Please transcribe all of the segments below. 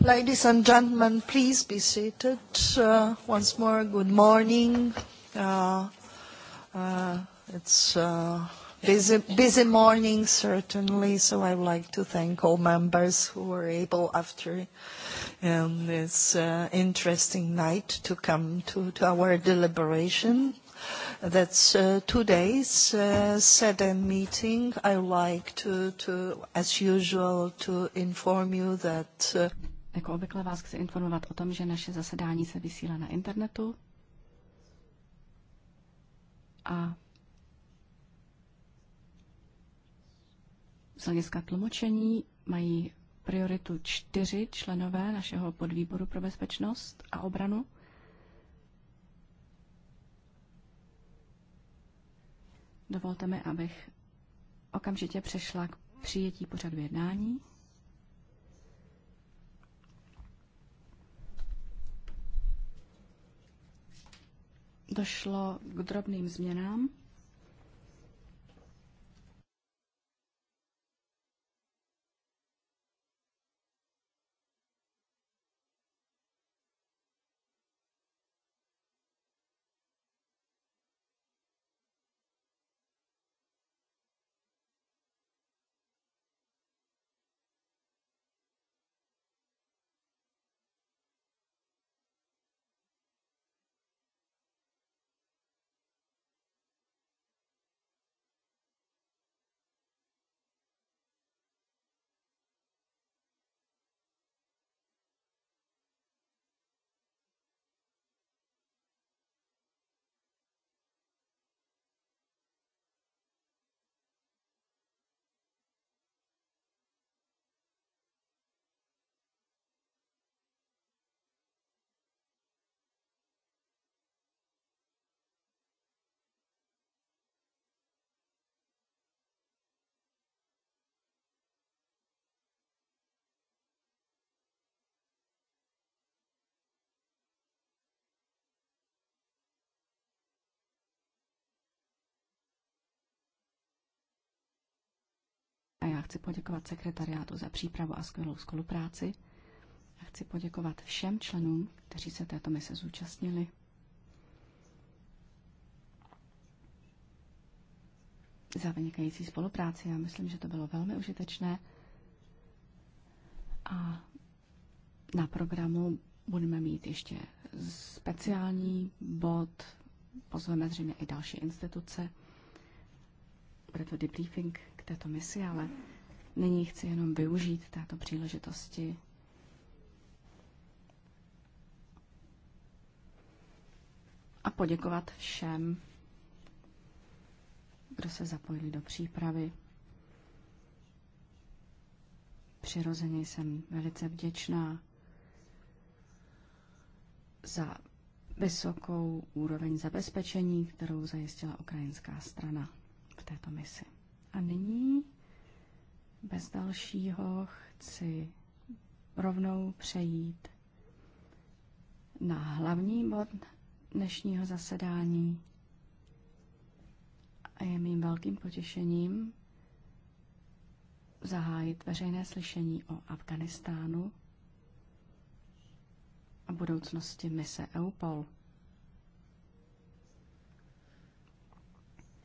Ladies and gentlemen, please be seated. Uh, once more, good morning. Uh, uh, it's a busy, morning, certainly, so I would like to thank all members who were able, after um, this interesting night, to come to, our deliberation. That's today's second meeting. I would like to, as usual, to inform you that jako obvykle vás chci informovat o tom, že naše zasedání se vysílá na internetu a z hlediska tlumočení mají prioritu čtyři členové našeho podvýboru pro bezpečnost a obranu. Dovolte mi, abych okamžitě přešla k přijetí pořadu jednání. došlo k drobným změnám Já chci poděkovat sekretariátu za přípravu a skvělou spolupráci. A chci poděkovat všem členům, kteří se této mise zúčastnili. Za vynikající spolupráci. Já myslím, že to bylo velmi užitečné. A na programu budeme mít ještě speciální bod. Pozveme zřejmě i další instituce. Bude to debriefing této misi, ale nyní chci jenom využít této příležitosti a poděkovat všem, kdo se zapojili do přípravy. Přirozeně jsem velice vděčná za vysokou úroveň zabezpečení, kterou zajistila ukrajinská strana v této misi. A nyní bez dalšího chci rovnou přejít na hlavní bod dnešního zasedání. A je mým velkým potěšením zahájit veřejné slyšení o Afganistánu a budoucnosti mise EUPOL.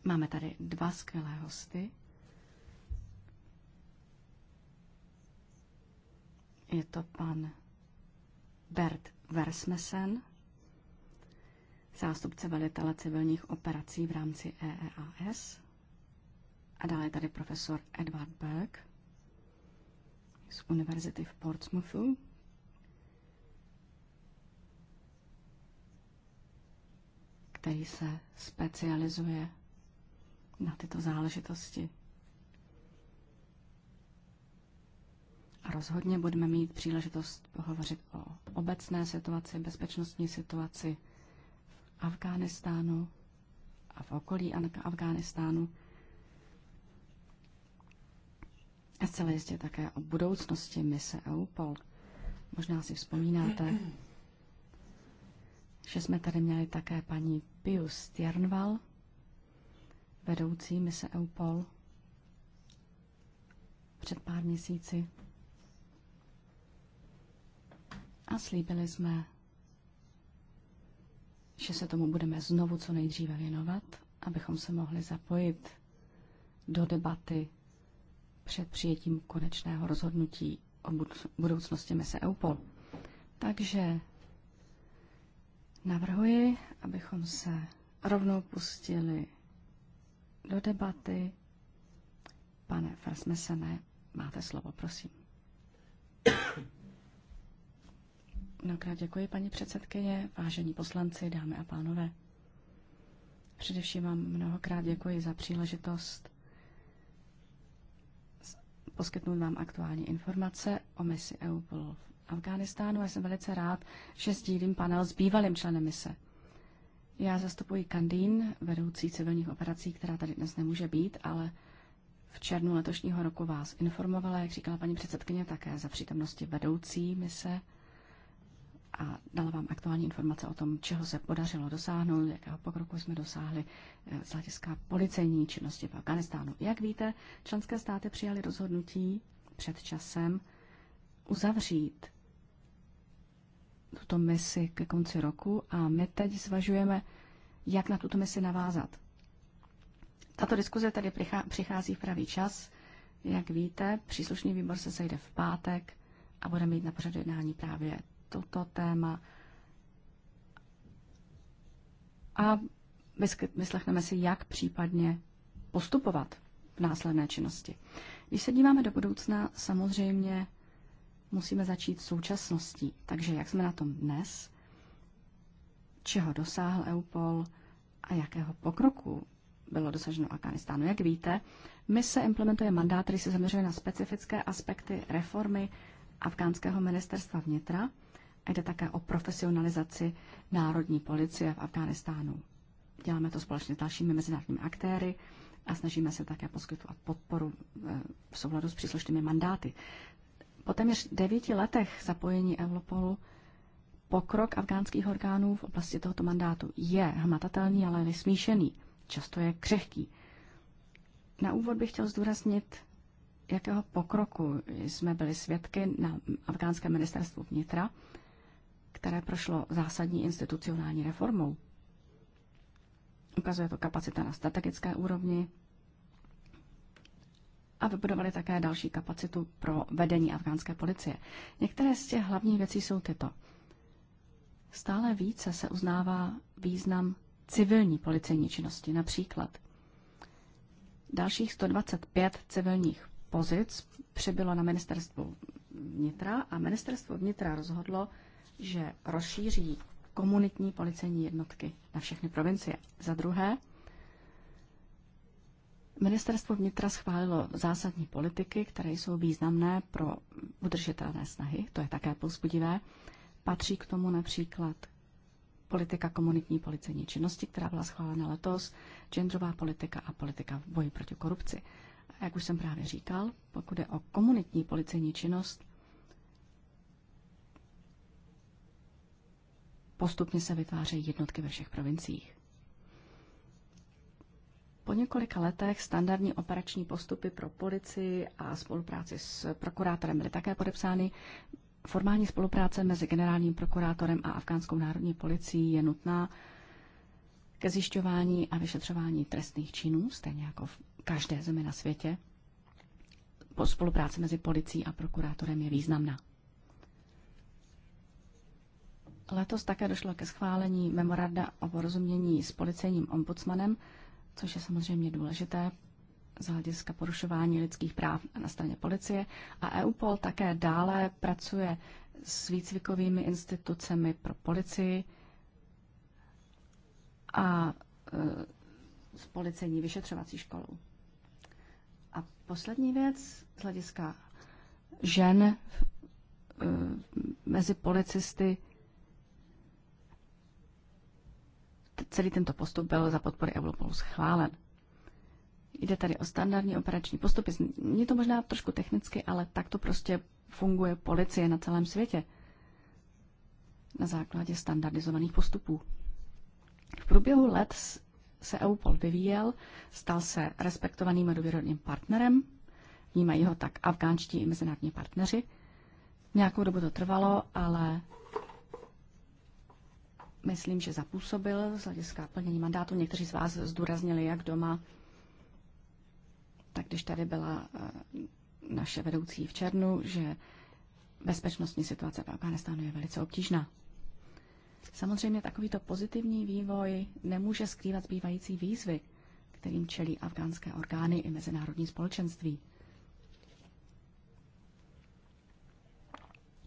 Máme tady dva skvělé hosty. Je to pan Bert Versmesen, zástupce velitele civilních operací v rámci EEAS. A dále je tady profesor Edward Berg z univerzity v Portsmouthu. který se specializuje na tyto záležitosti. A rozhodně budeme mít příležitost pohovořit o obecné situaci, bezpečnostní situaci v Afghánistánu a v okolí Afghánistánu. A zcela jistě také o budoucnosti mise EUPOL. Možná si vzpomínáte, že jsme tady měli také paní Pius Tjernval, vedoucí mise EUPOL před pár měsíci a slíbili jsme, že se tomu budeme znovu co nejdříve věnovat, abychom se mohli zapojit do debaty před přijetím konečného rozhodnutí o budoucnosti mise EUPOL. Takže navrhuji, abychom se rovnou pustili do debaty. Pane Frasmesene, máte slovo, prosím. Mnohokrát děkuji, paní předsedkyně, vážení poslanci, dámy a pánové. Především vám mnohokrát děkuji za příležitost poskytnout vám aktuální informace o misi EUPOL v Afghánistánu Já jsem velice rád, že sdílím panel s bývalým členem mise, já zastupuji Kandín, vedoucí civilních operací, která tady dnes nemůže být, ale v červnu letošního roku vás informovala, jak říkala paní předsedkyně, také za přítomnosti vedoucí mise a dala vám aktuální informace o tom, čeho se podařilo dosáhnout, jakého pokroku jsme dosáhli eh, z hlediska policejní činnosti v Afganistánu. Jak víte, členské státy přijaly rozhodnutí před časem uzavřít tuto misi ke konci roku a my teď zvažujeme, jak na tuto misi navázat. Tato diskuze tady přichází v pravý čas. Jak víte, příslušný výbor se sejde v pátek a bude mít na pořadu jednání právě toto téma. A vyslechneme si, jak případně postupovat v následné činnosti. Když se díváme do budoucna, samozřejmě musíme začít současností. Takže jak jsme na tom dnes, čeho dosáhl EUPOL a jakého pokroku bylo dosaženo Afganistánu. Jak víte, mise implementuje mandát, který se zaměřuje na specifické aspekty reformy afgánského ministerstva vnitra a jde také o profesionalizaci národní policie v Afghánistánu. Děláme to společně s dalšími mezinárodními aktéry a snažíme se také poskytovat podporu eh, v souladu s příslušnými mandáty. Po téměř devíti letech zapojení Evropolu pokrok afgánských orgánů v oblasti tohoto mandátu je hmatatelný, ale nesmíšený. Často je křehký. Na úvod bych chtěl zdůraznit, jakého pokroku jsme byli svědky na afgánském ministerstvu vnitra, které prošlo zásadní institucionální reformou. Ukazuje to kapacita na strategické úrovni, a vybudovali také další kapacitu pro vedení afgánské policie. Některé z těch hlavních věcí jsou tyto. Stále více se uznává význam civilní policejní činnosti, například dalších 125 civilních pozic přibylo na ministerstvu vnitra a ministerstvo vnitra rozhodlo, že rozšíří komunitní policejní jednotky na všechny provincie. Za druhé, Ministerstvo vnitra schválilo zásadní politiky, které jsou významné pro udržitelné snahy, to je také pozbudivé. Patří k tomu například politika komunitní policejní činnosti, která byla schválena letos, genderová politika a politika v boji proti korupci. A jak už jsem právě říkal, pokud je o komunitní policejní činnost, postupně se vytvářejí jednotky ve všech provinciích. Po několika letech standardní operační postupy pro policii a spolupráci s prokurátorem byly také podepsány. Formální spolupráce mezi generálním prokurátorem a afgánskou národní policií je nutná ke zjišťování a vyšetřování trestných činů, stejně jako v každé zemi na světě. Po spolupráce mezi policií a prokurátorem je významná. Letos také došlo ke schválení memoranda o porozumění s policejním ombudsmanem, což je samozřejmě důležité z hlediska porušování lidských práv na straně policie. A EUPOL také dále pracuje s výcvikovými institucemi pro policii a e, s policejní vyšetřovací školou. A poslední věc z hlediska žen e, mezi policisty celý tento postup byl za podpory Europolu schválen. Jde tady o standardní operační postupy. Je to možná trošku technicky, ale tak to prostě funguje policie na celém světě na základě standardizovaných postupů. V průběhu let se EUPOL vyvíjel, stal se respektovaným a důvěrodným partnerem, vnímají ho tak afgánští i mezinárodní partneři. Nějakou dobu to trvalo, ale myslím, že zapůsobil z hlediska plnění mandátu. Někteří z vás zdůraznili, jak doma, tak když tady byla eh, naše vedoucí v černu, že bezpečnostní situace v Afganistánu je velice obtížná. Samozřejmě takovýto pozitivní vývoj nemůže skrývat zbývající výzvy, kterým čelí afgánské orgány i mezinárodní společenství.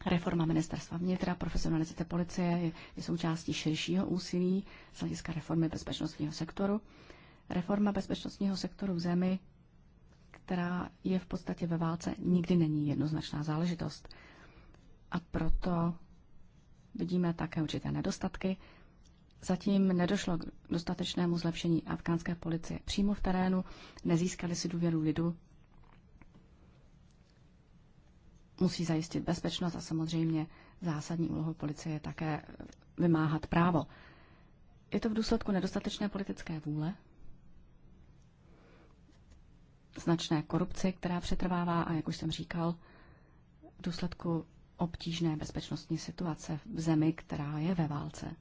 Reforma ministerstva vnitra, profesionalizace policie je, je součástí širšího úsilí z hlediska reformy bezpečnostního sektoru. Reforma bezpečnostního sektoru v zemi, která je v podstatě ve válce, nikdy není jednoznačná záležitost. A proto vidíme také určité nedostatky. Zatím nedošlo k dostatečnému zlepšení afgánské policie přímo v terénu, nezískali si důvěru lidu musí zajistit bezpečnost a samozřejmě zásadní úlohou policie je také vymáhat právo. Je to v důsledku nedostatečné politické vůle, značné korupce, která přetrvává a, jak už jsem říkal, v důsledku obtížné bezpečnostní situace v zemi, která je ve válce.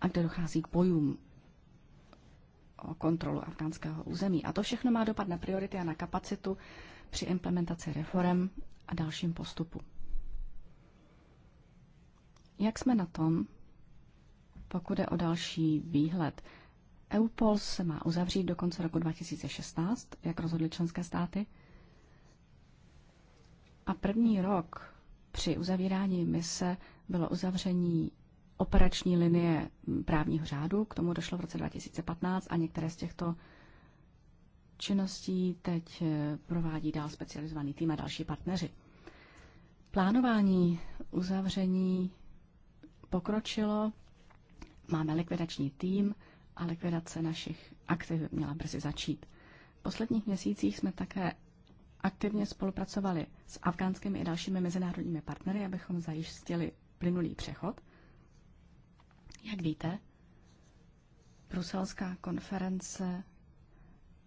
A kde dochází k bojům o kontrolu afgánského území. A to všechno má dopad na priority a na kapacitu při implementaci reform a dalším postupu. Jak jsme na tom, pokud je o další výhled? EUPOL se má uzavřít do konce roku 2016, jak rozhodly členské státy. A první rok při uzavírání mise bylo uzavření operační linie právního řádu, k tomu došlo v roce 2015 a některé z těchto činností teď eh, provádí dál specializovaný tým a další partneři. Plánování uzavření pokročilo, máme likvidační tým a likvidace našich aktiv měla brzy začít. V posledních měsících jsme také aktivně spolupracovali s afgánskými i dalšími mezinárodními partnery, abychom zajistili plynulý přechod jak víte, bruselská konference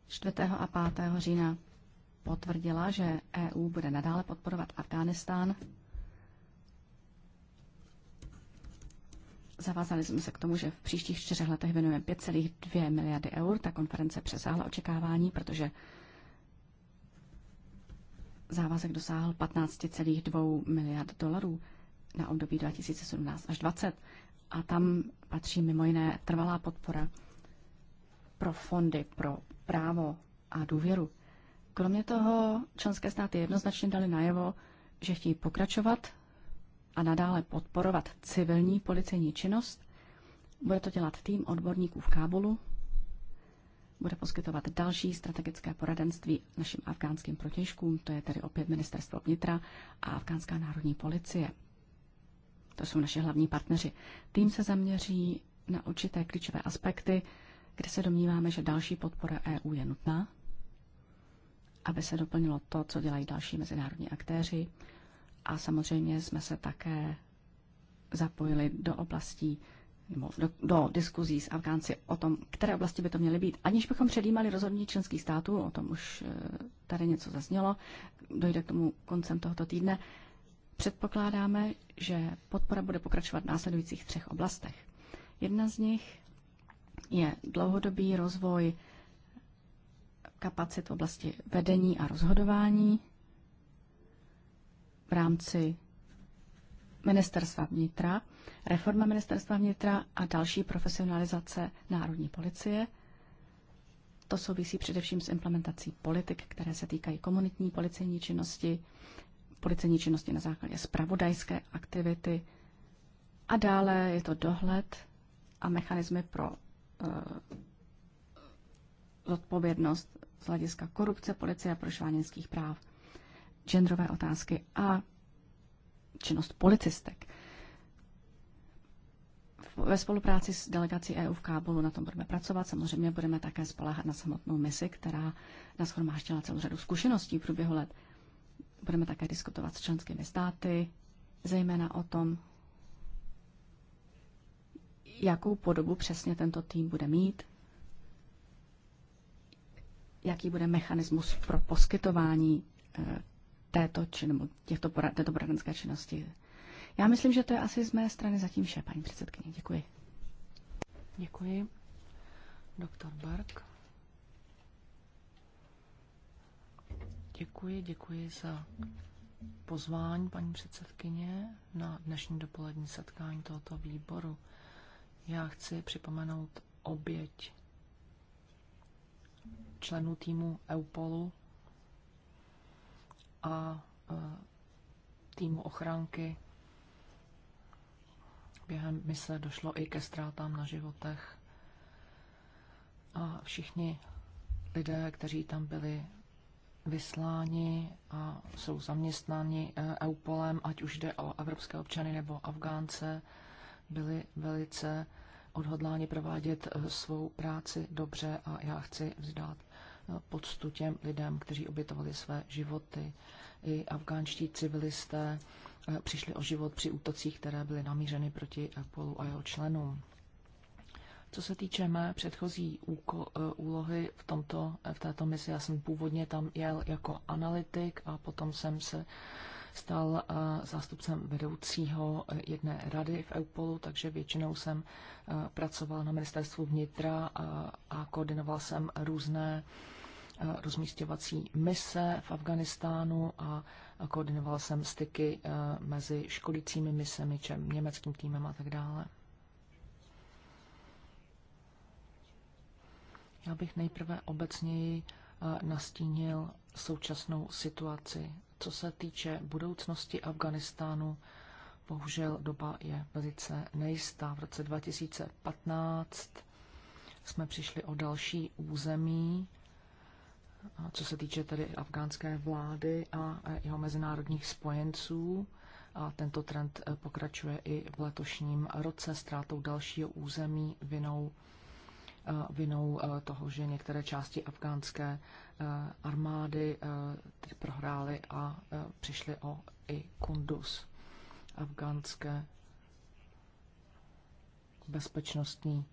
4. a 5. října potvrdila, že EU bude nadále podporovat Afghánistán. Zavázali jsme se k tomu, že v příštích čtyřech letech věnujeme 5,2 miliardy eur. Ta konference přesáhla očekávání, protože závazek dosáhl 15,2 miliard dolarů na období 2017 až 2020 a tam patří mimo jiné trvalá podpora pro fondy, pro právo a důvěru. Kromě toho členské státy jednoznačně dali najevo, že chtějí pokračovat a nadále podporovat civilní policejní činnost. Bude to dělat tým odborníků v Kábulu, bude poskytovat další strategické poradenství našim afgánským protěžkům, to je tedy opět ministerstvo vnitra a afgánská národní policie. To jsou naše hlavní partneři. Tým se zaměří na určité klíčové aspekty, kde se domníváme, že další podpora EU je nutná, aby se doplnilo to, co dělají další mezinárodní aktéři. A samozřejmě jsme se také zapojili do oblastí nebo do, do diskuzí s Afgánci o tom, které oblasti by to měly být. Aniž bychom předjímali rozhodnutí členských států, o tom už eh, tady něco zaznělo, dojde k tomu koncem tohoto týdne, Předpokládáme, že podpora bude pokračovat v následujících třech oblastech. Jedna z nich je dlouhodobý rozvoj kapacit v oblasti vedení a rozhodování v rámci ministerstva vnitra, reforma ministerstva vnitra a další profesionalizace národní policie. To souvisí především s implementací politik, které se týkají komunitní policejní činnosti, policejní činnosti na základě spravodajské aktivity. A dále je to dohled a mechanismy pro uh, eh, odpovědnost z hlediska korupce, policie a prošváněnských práv, genderové otázky a činnost policistek. Ve spolupráci s delegací EU v Kábulu na tom budeme pracovat. Samozřejmě budeme také spoléhat na samotnou misi, která nás shromáždila celou řadu zkušeností v průběhu let. Budeme také diskutovat s členskými státy, zejména o tom, jakou podobu přesně tento tým bude mít, jaký bude mechanismus pro poskytování eh, této, čin, těchto porad, této poradenské činnosti. Já myslím, že to je asi z mé strany zatím vše, paní předsedkyně. Děkuji. Děkuji. Doktor Bark. Děkuji, děkuji za pozvání paní předsedkyně na dnešní dopolední setkání tohoto výboru. Já chci připomenout oběť členů týmu EUPOLu a eh, týmu ochránky. Během mise došlo i ke ztrátám na životech a všichni lidé, kteří tam byli vysláni a jsou zaměstnáni eh, EUPOLem, ať už jde o evropské občany nebo Afgánce, byli velice odhodláni provádět eh, svou práci dobře a já chci vzdát eh, poctu těm lidem, kteří obětovali své životy. I afgánští civilisté přišli o život při útocích, které byly namířeny proti EUPOLu a jeho členům. Co se týče mé předchozí e, úlohy v, tomto, e, v této misi, já jsem původně tam jel jako analytik a potom jsem se stal e, zástupcem vedoucího jedné rady v EUPOLu, takže většinou jsem pracoval na ministerstvu vnitra a, a koordinoval jsem různé rozmístěvací mise v Afganistánu a koordinoval jsem styky mezi školícími misemi, čem německým týmem a tak dále. Já bych nejprve obecněji eh, nastínil současnou situaci. Co se týče budoucnosti Afganistánu, bohužel doba je velice nejistá. V roce 2015 jsme přišli o další území, co se týče tedy afgánské vlády a eh, jeho mezinárodních spojenců. A tento trend eh, pokračuje i v letošním roce ztrátou dalšího území vinou vinou e, toho, že některé části afgánské e, armády e, prohrály a přišly o i Kunduz. Afgánské bezpečnostní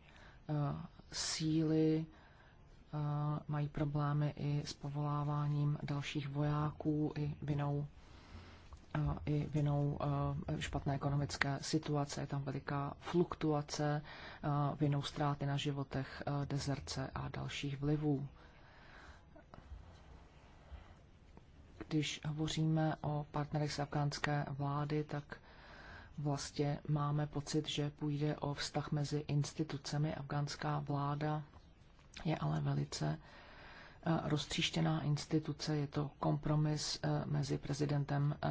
síly mají problémy i s povoláváním dalších vojáků i vinou i vinou eh, špatné ekonomické situace. Je tam veliká fluktuace eh, vinou ztráty na životech, eh, dezerce a dalších vlivů. Když hovoříme o partnerech z afgánské vlády, tak vlastně máme pocit, že půjde o vztah mezi institucemi. Afgánská vláda je ale velice roztříštěná instituce, je to kompromis eh, mezi prezidentem eh,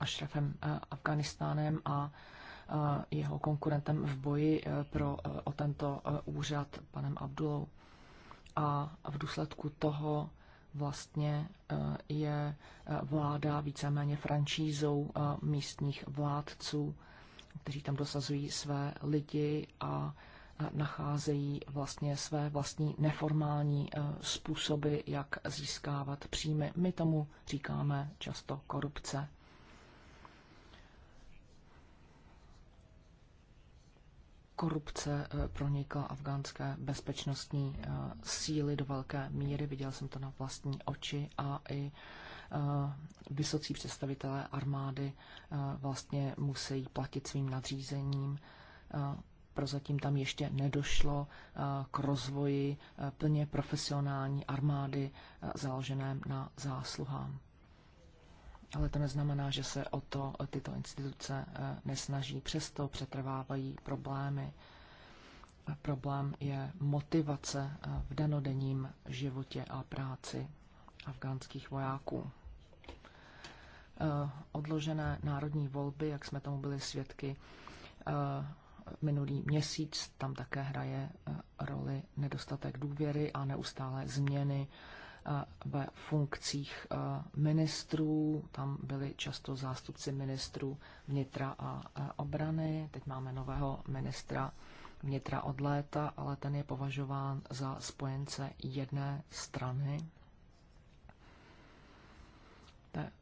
Ashrafem eh, Afganistánem a jeho konkurentem v boji pro, o tento úřad panem Abdulou. A v důsledku toho vlastně je vláda víceméně francízou místních vládců, kteří tam dosazují své lidi a nacházejí vlastně své vlastní neformální eh, způsoby, jak získávat příjmy. My tomu říkáme často korupce. korupce eh, pronikla afgánské bezpečnostní eh, síly do velké míry. Viděl jsem to na vlastní oči a i vysocí představitelé armády vlastně musí platit svým nadřízením prozatím tam ještě nedošlo eh, k rozvoji eh, plně profesionální armády eh, založené na zásluhám. Ale to neznamená, že se o to tyto instituce nesnaží, přesto přetrvávají problémy. Problém je motivace v denodenním životě a práci afgánských vojáků odložené národní volby, jak jsme tomu byli svědky, minulý měsíc. Tam také hraje eh, roli nedostatek důvěry a neustále změny eh, ve funkcích eh, ministrů. Tam byli často zástupci ministrů vnitra a obrany. Teď máme nového ministra vnitra od léta, ale ten je považován za spojence jedné strany. Té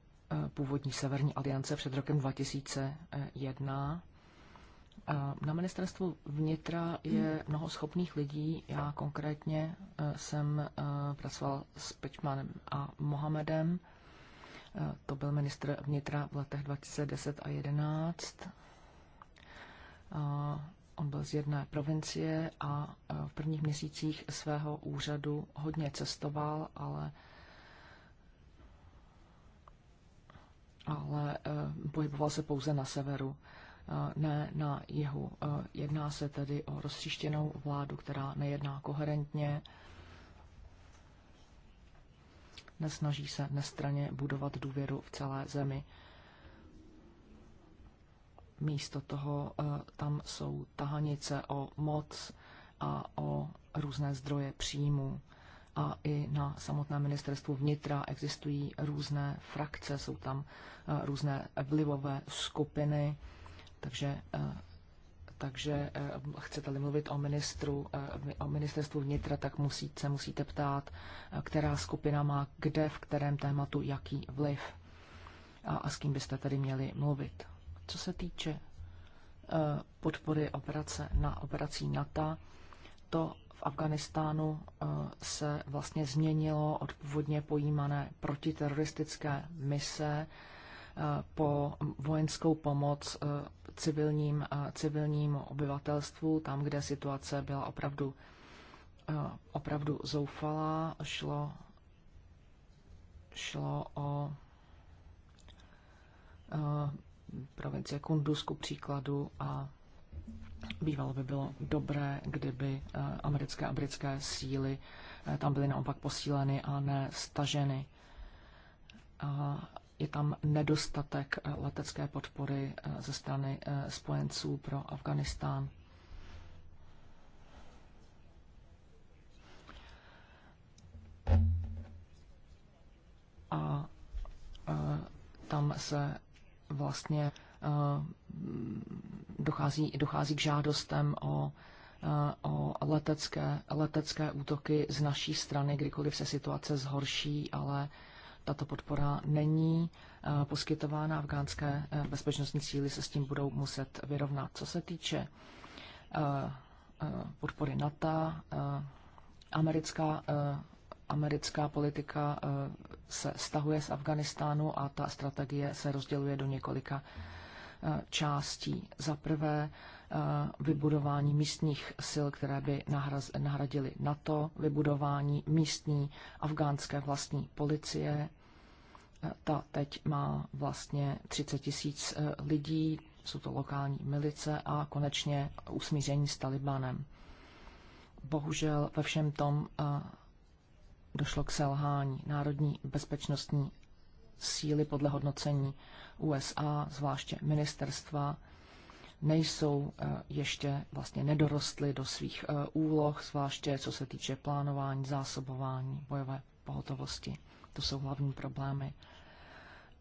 původní severní aliance před rokem 2001 Eh, na ministerstvu vnitra je hmm. mnoho schopných lidí. Já konkrétně eh, jsem eh, pracoval s Pečmanem a Mohamedem. To byl ministr vnitra v letech 2010 a 2011. On byl z jedné provincie a v prvních měsících svého úřadu hodně cestoval, ale ale pohyboval se pouze na severu ne na jihu. Jedná se tedy o rozstříštěnou vládu, která nejedná koherentně, nesnaží se nestraně budovat důvěru v celé zemi. Místo toho e, tam jsou tahanice o moc a o různé zdroje příjmu. A i na samotné ministerstvu vnitra existují různé frakce, jsou tam e, různé vlivové skupiny, takže eh, takže eh, chcete-li mluvit o, ministru, eh, o ministerstvu vnitra, tak musí, se musíte ptát, která skupina má kde, v kterém tématu, jaký vliv a, a s kým byste tady měli mluvit. Co se týče podpory operace na operací NATO, to v Afganistánu se vlastně změnilo od původně pojímané protiteroristické mise po vojenskou pomoc civilním, civilním obyvatelstvu, tam, kde situace byla opravdu, opravdu zoufalá. Šlo, šlo o provincie Kunduz ku příkladu a bývalo by bylo dobré, kdyby americké a britské síly tam byly naopak posíleny a ne staženy. A je tam nedostatek eh, letecké podpory eh, ze strany eh, spojenců pro Afganistán. A tam se vlastně dochází, dochází k žádostem o, o letecké, letecké útoky z naší strany, kdykoliv se situace zhorší, ale tato podpora není eh, poskytována afgánské eh, bezpečnostní síly se s tím budou muset vyrovnat. Co se týče eh, podpory NATO, americká americká politika se stahuje z Afganistánu a ta strategie se rozděluje do několika částí. Za prvé Eh, vybudování místních sil, které by nahraz, nahradili NATO, vybudování místní afgánské vlastní policie. Eh, ta teď má vlastně 30 tisíc eh, lidí, jsou to lokální milice a konečně usmíření s Talibanem. Bohužel ve všem tom došlo k selhání národní bezpečnostní síly podle hodnocení USA, zvláště ministerstva nejsou eh, ještě vlastně nedorostly do svých eh, úloh, zvláště co se týče plánování, zásobování, bojové pohotovosti. To jsou hlavní problémy.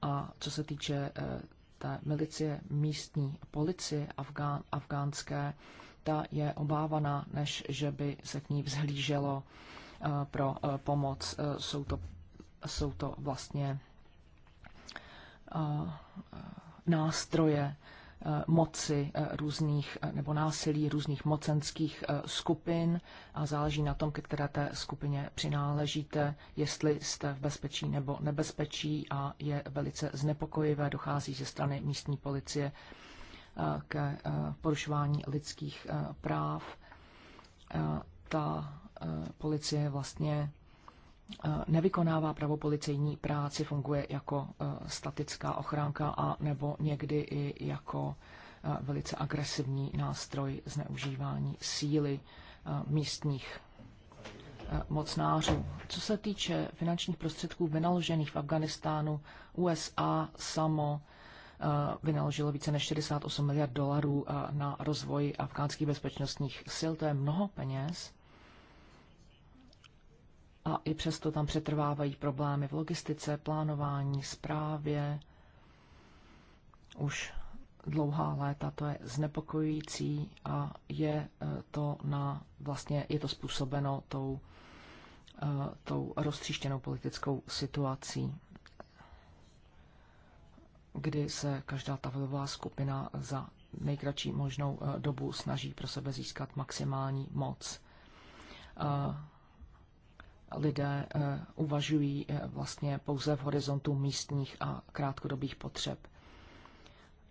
A co se týče eh, té milicie místní policie afgán, afgánské, ta je obávaná, než že by se k ní vzhlíželo pro pomoc. Jsou to, jsou to vlastně nástroje, Eh, moci eh, různých eh, nebo násilí různých mocenských skupin a záleží na tom, ke které té skupině přináležíte, jestli jste v bezpečí nebo nebezpečí a je velice znepokojivé, dochází ze strany místní policie ke porušování lidských práv. Ta policie vlastně Eh, nevykonává pravopolicejní práci, funguje jako eh, statická ochránka a nebo někdy i jako eh, velice agresivní nástroj zneužívání síly místních mocnářů. Co se týče finančních prostředků vynaložených v Afganistánu, USA samo vynaložilo více než 68 miliard dolarů na rozvoj afgánských bezpečnostních sil. To je mnoho peněz a i přesto tam přetrvávají problémy v logistice, plánování, správě. Už dlouhá léta to je znepokojující a je eh, to na vlastně je to způsobeno tou, eh, tou roztříštěnou politickou situací kdy se každá ta vlivová skupina za nejkratší možnou eh, dobu snaží pro sebe získat maximální moc lidé eh, uvažují eh, vlastně pouze v horizontu místních a krátkodobých potřeb,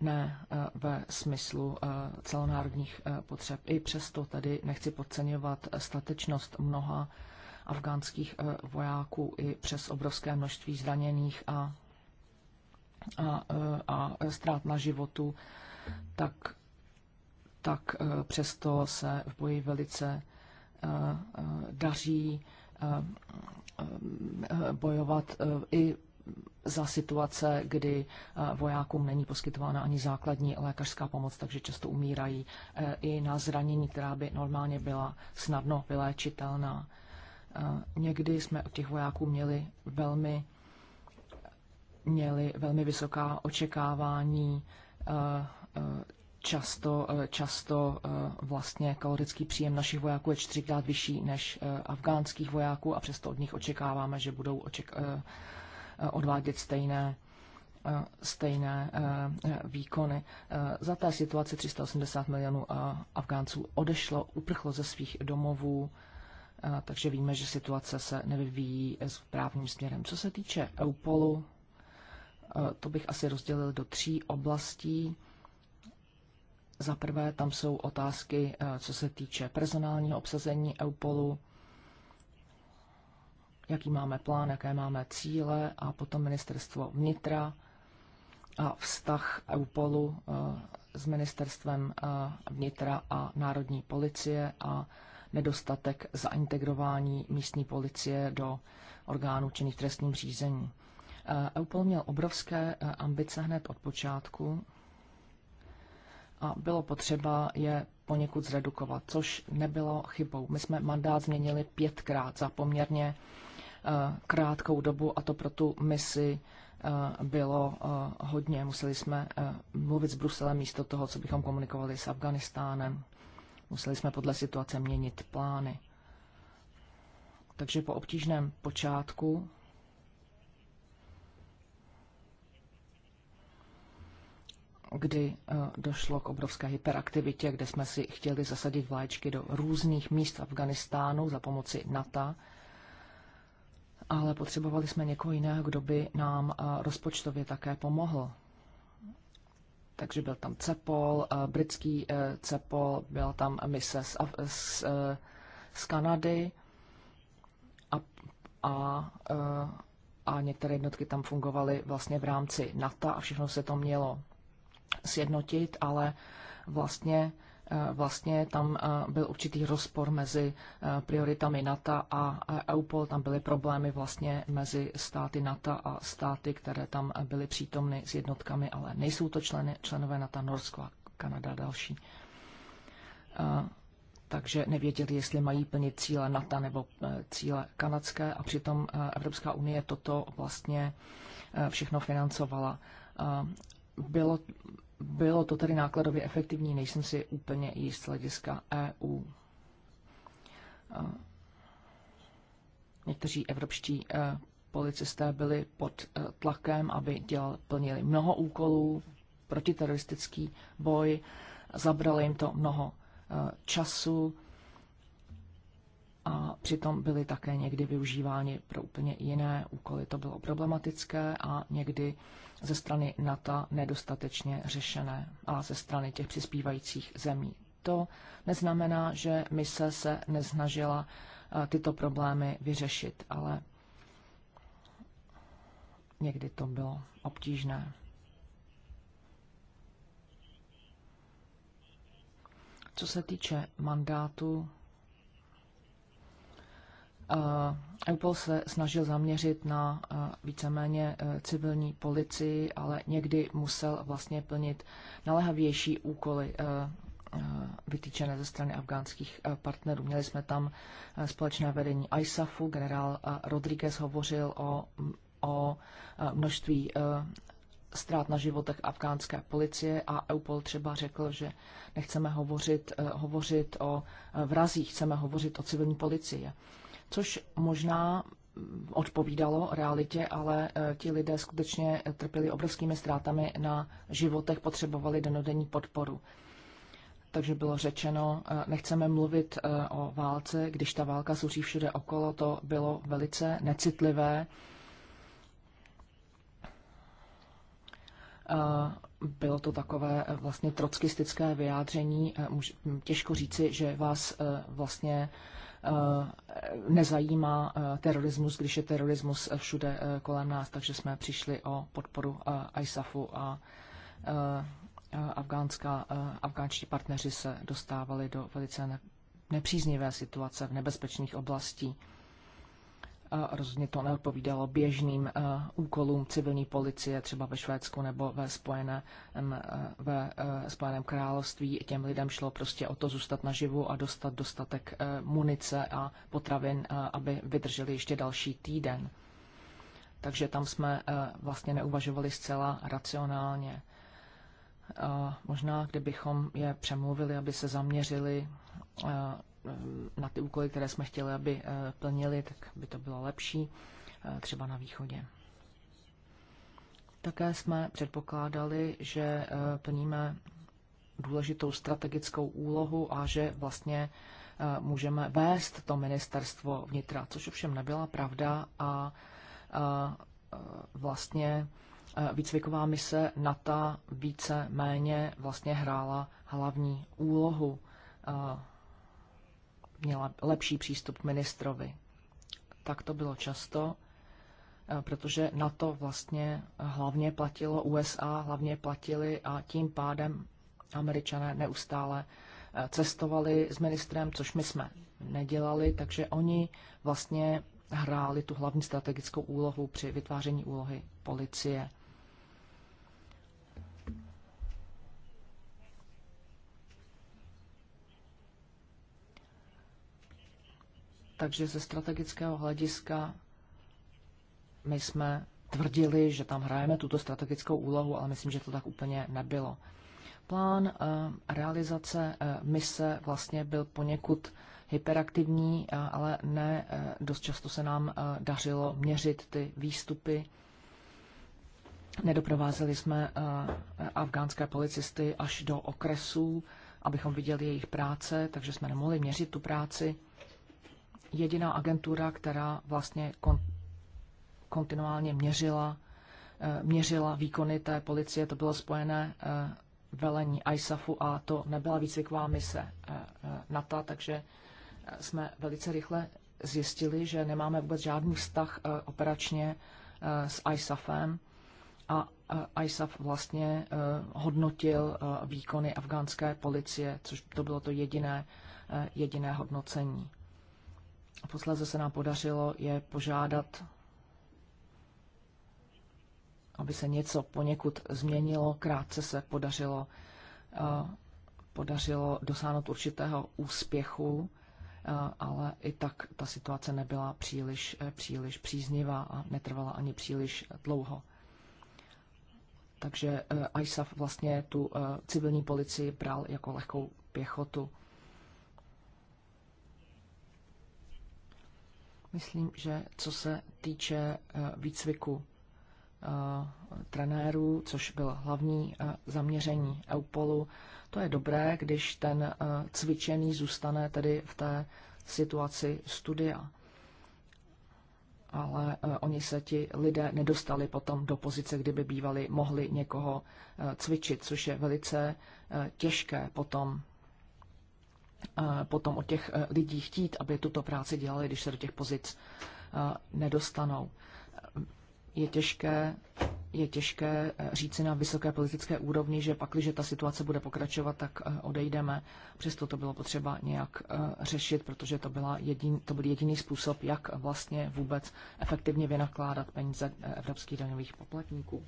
ne eh, ve smyslu celonárodních potřeb. I přesto tedy nechci podceňovat statečnost mnoha afgánských vojáků i přes obrovské množství zraněných a, a, a ztrát na životu, tak, tak přesto se v boji velice daří Eh, eh, bojovat eh, i za situace, kdy vojákům není poskytována ani základní lékařská pomoc, takže často umírají i na zranění, která by normálně byla snadno vyléčitelná. Někdy jsme od těch vojáků měli velmi, měli velmi vysoká očekávání, často, eh, často eh, vlastně kalorický příjem našich vojáků je čtyřikrát vyšší než eh, afgánských vojáků a přesto od nich očekáváme, že budou oček- odvádět stejné stejné výkony. Za té situace 380 milionů Afgánců odešlo, uprchlo ze svých domovů, takže víme, že situace se nevyvíjí správným směrem. Co se týče EUPOLu, to bych asi rozdělil do tří oblastí. Za prvé tam jsou otázky, eh, co se týče personálního obsazení EUPOLu, jaký máme plán, jaké máme cíle a potom ministerstvo vnitra a vztah EUPOLu eh, s ministerstvem eh, vnitra a národní policie a nedostatek zaintegrování místní policie do orgánů činných trestním řízení. EUPOL měl obrovské ambice hned od počátku, a bylo potřeba je poněkud zredukovat, což nebylo chybou. My jsme mandát změnili pětkrát za poměrně eh, krátkou dobu a to pro tu misi eh, bylo eh, hodně. Museli jsme mluvit s Bruselem místo toho, co bychom komunikovali s Afganistánem. Museli jsme podle situace měnit plány. Takže po obtížném počátku kdy eh, došlo k obrovské hyperaktivitě, kde jsme si chtěli zasadit vlaječky do různých míst v Afganistánu za pomoci NATO, ale potřebovali jsme někoho jiného, kdo by nám eh, rozpočtově také pomohl. Takže byl tam CEPOL, eh, britský CEPOL, byla tam mise z, z, z Kanady a, a, a některé jednotky tam fungovaly vlastně v rámci NATO a všechno se to mělo sjednotit, ale vlastně, eh, vlastně tam eh, byl určitý rozpor mezi eh, prioritami NATO a EUPOL. Tam byly problémy vlastně mezi státy NATO a státy, které tam byly přítomny s jednotkami, ale nejsou to členy, členové NATO, Norsko a Kanada a další. Takže nevěděli, jestli mají plnit cíle NATO nebo cíle kanadské a přitom Evropská unie toto vlastně všechno financovala bylo, bylo to tedy nákladově efektivní, nejsem si úplně jist hlediska EU. Někteří evropští e, policisté byli pod e, tlakem, aby dělal, plnili mnoho úkolů, protiteroristický boj, zabralo jim to mnoho e, času, a přitom byly také někdy využíváni pro úplně jiné úkoly. To bylo problematické a někdy ze strany NATO nedostatečně řešené a ze strany těch přispívajících zemí. To neznamená, že mise se nesnažila eh, tyto problémy vyřešit, ale někdy to bylo obtížné. Co se týče mandátu EUPOL eh, se snažil zaměřit na eh, víceméně eh, civilní policii, ale někdy musel vlastně plnit naléhavější úkoly vytýčené ze strany afgánských partnerů. Měli jsme tam společné vedení ISAFu, generál Rodriguez hovořil o, o množství ztrát na životech afgánské policie a EUPOL třeba řekl, že nechceme hovořit, hovořit o vrazích, chceme hovořit o civilní policii což možná odpovídalo realitě, ale eh, ti lidé skutečně trpěli obrovskými ztrátami na životech, potřebovali denodenní podporu. Takže bylo řečeno, eh, nechceme mluvit eh, o válce, když ta válka suří všude okolo, to bylo velice necitlivé. Bylo to takové vlastně trockistické vyjádření. Těžko říci, že vás vlastně Eh, nezajímá eh, terorismus, když je terorismus eh, všude kolem nás, takže jsme přišli o podporu ISAFu a afgánská, afgánští partneři se dostávali do velice nepříznivé situace v nebezpečných oblastí. Rozhodně to neodpovídalo běžným eh, úkolům civilní policie třeba ve Švédsku nebo ve, spojené, ve eh, Spojeném království. Těm lidem šlo prostě o to zůstat naživu a dostat dostatek eh, munice a potravin, aby vydrželi ještě další týden. Takže tam jsme vlastně neuvažovali zcela racionálně. Možná, kdybychom je přemluvili, aby se zaměřili na ty úkoly, které jsme chtěli, aby eh, plnili, tak by to bylo lepší, eh, třeba na východě. Také jsme předpokládali, že eh, plníme důležitou strategickou úlohu a že vlastně můžeme vést to ministerstvo vnitra, což ovšem nebyla pravda a vlastně výcviková mise NATO více méně vlastně hrála hlavní úlohu měla lepší přístup k ministrovi. Tak to bylo často, eh, protože na to vlastně hlavně platilo USA, hlavně platili a tím pádem američané neustále eh, cestovali s ministrem, což my jsme nedělali, takže oni vlastně hráli tu hlavní strategickou úlohu při vytváření úlohy policie. Takže ze strategického hlediska my jsme tvrdili, že tam hrajeme tuto strategickou úlohu, ale myslím, že to tak úplně nebylo. Plán eh, realizace eh, mise vlastně byl poněkud hyperaktivní, eh, ale ne dost často se nám dařilo měřit ty výstupy. Nedoprovázeli jsme afgánské policisty až do okresů, abychom viděli jejich práce, takže jsme nemohli měřit tu práci jediná agentura, která vlastně kon, kontinuálně měřila, eh, měřila výkony té policie. To bylo spojené eh, velení ISAFu a to nebyla výcviková mise eh, NATO, takže jsme velice rychle zjistili, že nemáme vůbec žádný vztah operačně s ISAFem a ISAF vlastně hodnotil výkony afgánské policie, což to bylo to jediné, jediné hodnocení. Posledně se nám podařilo je požádat, aby se něco poněkud změnilo. Krátce se podařilo, eh, podařilo dosáhnout určitého úspěchu, eh, ale i tak ta situace nebyla příliš, eh, příliš příznivá a netrvala ani příliš dlouho. Takže ISAF vlastně tu civilní policii bral jako lehkou pěchotu. Myslím, že co se týče eh, výcviku eh, trenérů, což bylo hlavní eh, zaměření EUPOLu, to je dobré, když ten cvičený zůstane tedy v té situaci studia. Ale oni se ti lidé nedostali potom do pozice, kdyby bývali mohli někoho cvičit, což je velice těžké potom potom od těch eh, lidí chtít, aby tuto práci dělali, když se do těch pozic eh, nedostanou. Je těžké, je těžké eh, říci na vysoké politické úrovni, že pak, když ta situace bude pokračovat, tak odejdeme. Přesto to bylo potřeba nějak řešit, protože to, byla jedin, to byl jediný způsob, jak vlastně vůbec efektivně vynakládat peníze evropských daňových poplatníků.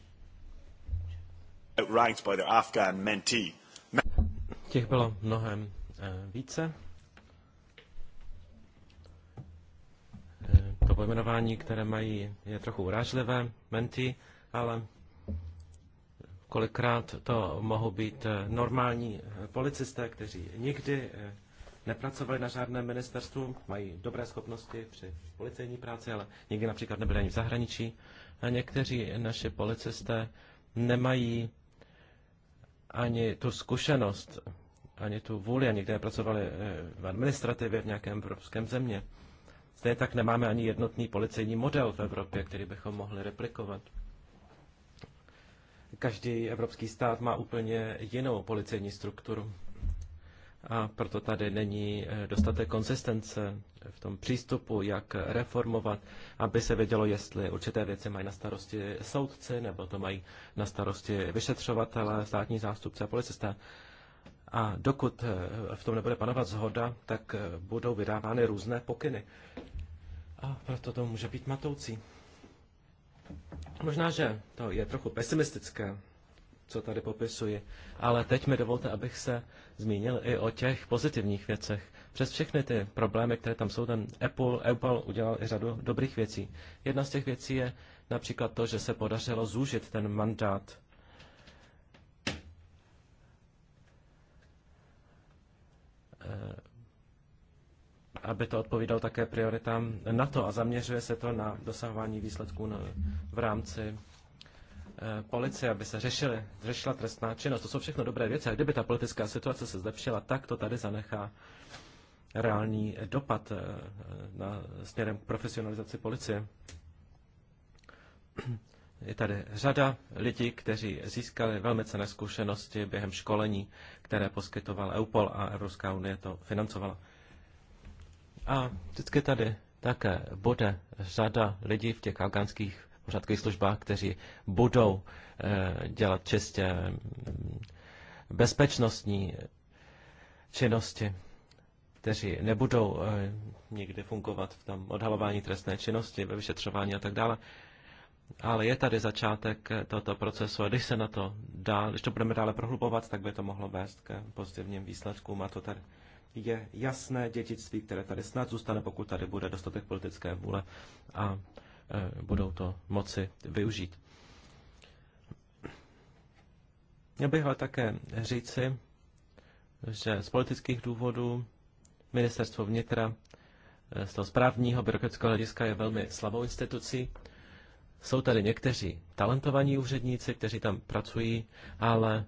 Těch bylo mnohem Eh, více. Eh, to pojmenování, které mají, je trochu urážlivé, menti, ale kolikrát to mohou být eh, normální policisté, kteří nikdy nepracovali na žádném ministerstvu, mají dobré schopnosti při policejní práci, ale nikdy například nebyli ani v zahraničí. A někteří naši policisté nemají ani tu zkušenost ani tu vůli, ani kde pracovali eh, v administrativě v nějakém evropském země. Stejně tak nemáme ani jednotný policejní model v Evropě, který bychom mohli replikovat. Každý evropský stát má úplně jinou policejní strukturu. A proto tady není eh, dostatek konsistence v tom přístupu, jak reformovat, aby se vědělo, jestli určité věci mají na starosti soudci, nebo to mají na starosti vyšetřovatele, státní zástupce a policisté. A dokud eh, v tom nebude panovat zhoda, tak eh, budou vydávány různé pokyny. A proto to může být matoucí. Možná, že to je trochu pesimistické, co tady popisuji, ale teď mi dovolte, abych se zmínil i o těch pozitivních věcech. Přes všechny ty problémy, které tam jsou, ten Apple, Apple udělal i řadu dobrých věcí. Jedna z těch věcí je například to, že se podařilo zúžit ten mandát Eh, aby to odpovídalo také prioritám na to a zaměřuje se to na dosahování výsledků na, v rámci eh, policie, aby se řešili, řešila trestná činnost. To jsou všechno dobré věci. A kdyby ta politická situace se zlepšila, tak to tady zanechá reálný dopad eh, na, směrem k profesionalizaci policie. Je tady řada lidí, kteří získali velmi cené zkušenosti během školení, které poskytoval EUPOL a Evropská unie to financovala. A vždycky tady také bude řada lidí v těch afgánských pořádkových službách, kteří budou eh, dělat čistě mm, bezpečnostní činnosti, kteří nebudou eh, nikdy fungovat v tom odhalování trestné činnosti, ve vyšetřování a tak dále ale je tady začátek eh, tohoto procesu a když se na to dá, když to budeme dále prohlubovat, tak by to mohlo vést k eh, pozitivním výsledkům a to tady je jasné dědictví, které tady snad zůstane, pokud tady bude dostatek politické vůle a e, budou to moci využít. Já bych ale také říci, že z politických důvodů ministerstvo vnitra z toho správního byrokratického hlediska je velmi slabou institucí. Jsou tady někteří talentovaní úředníci, kteří tam pracují, ale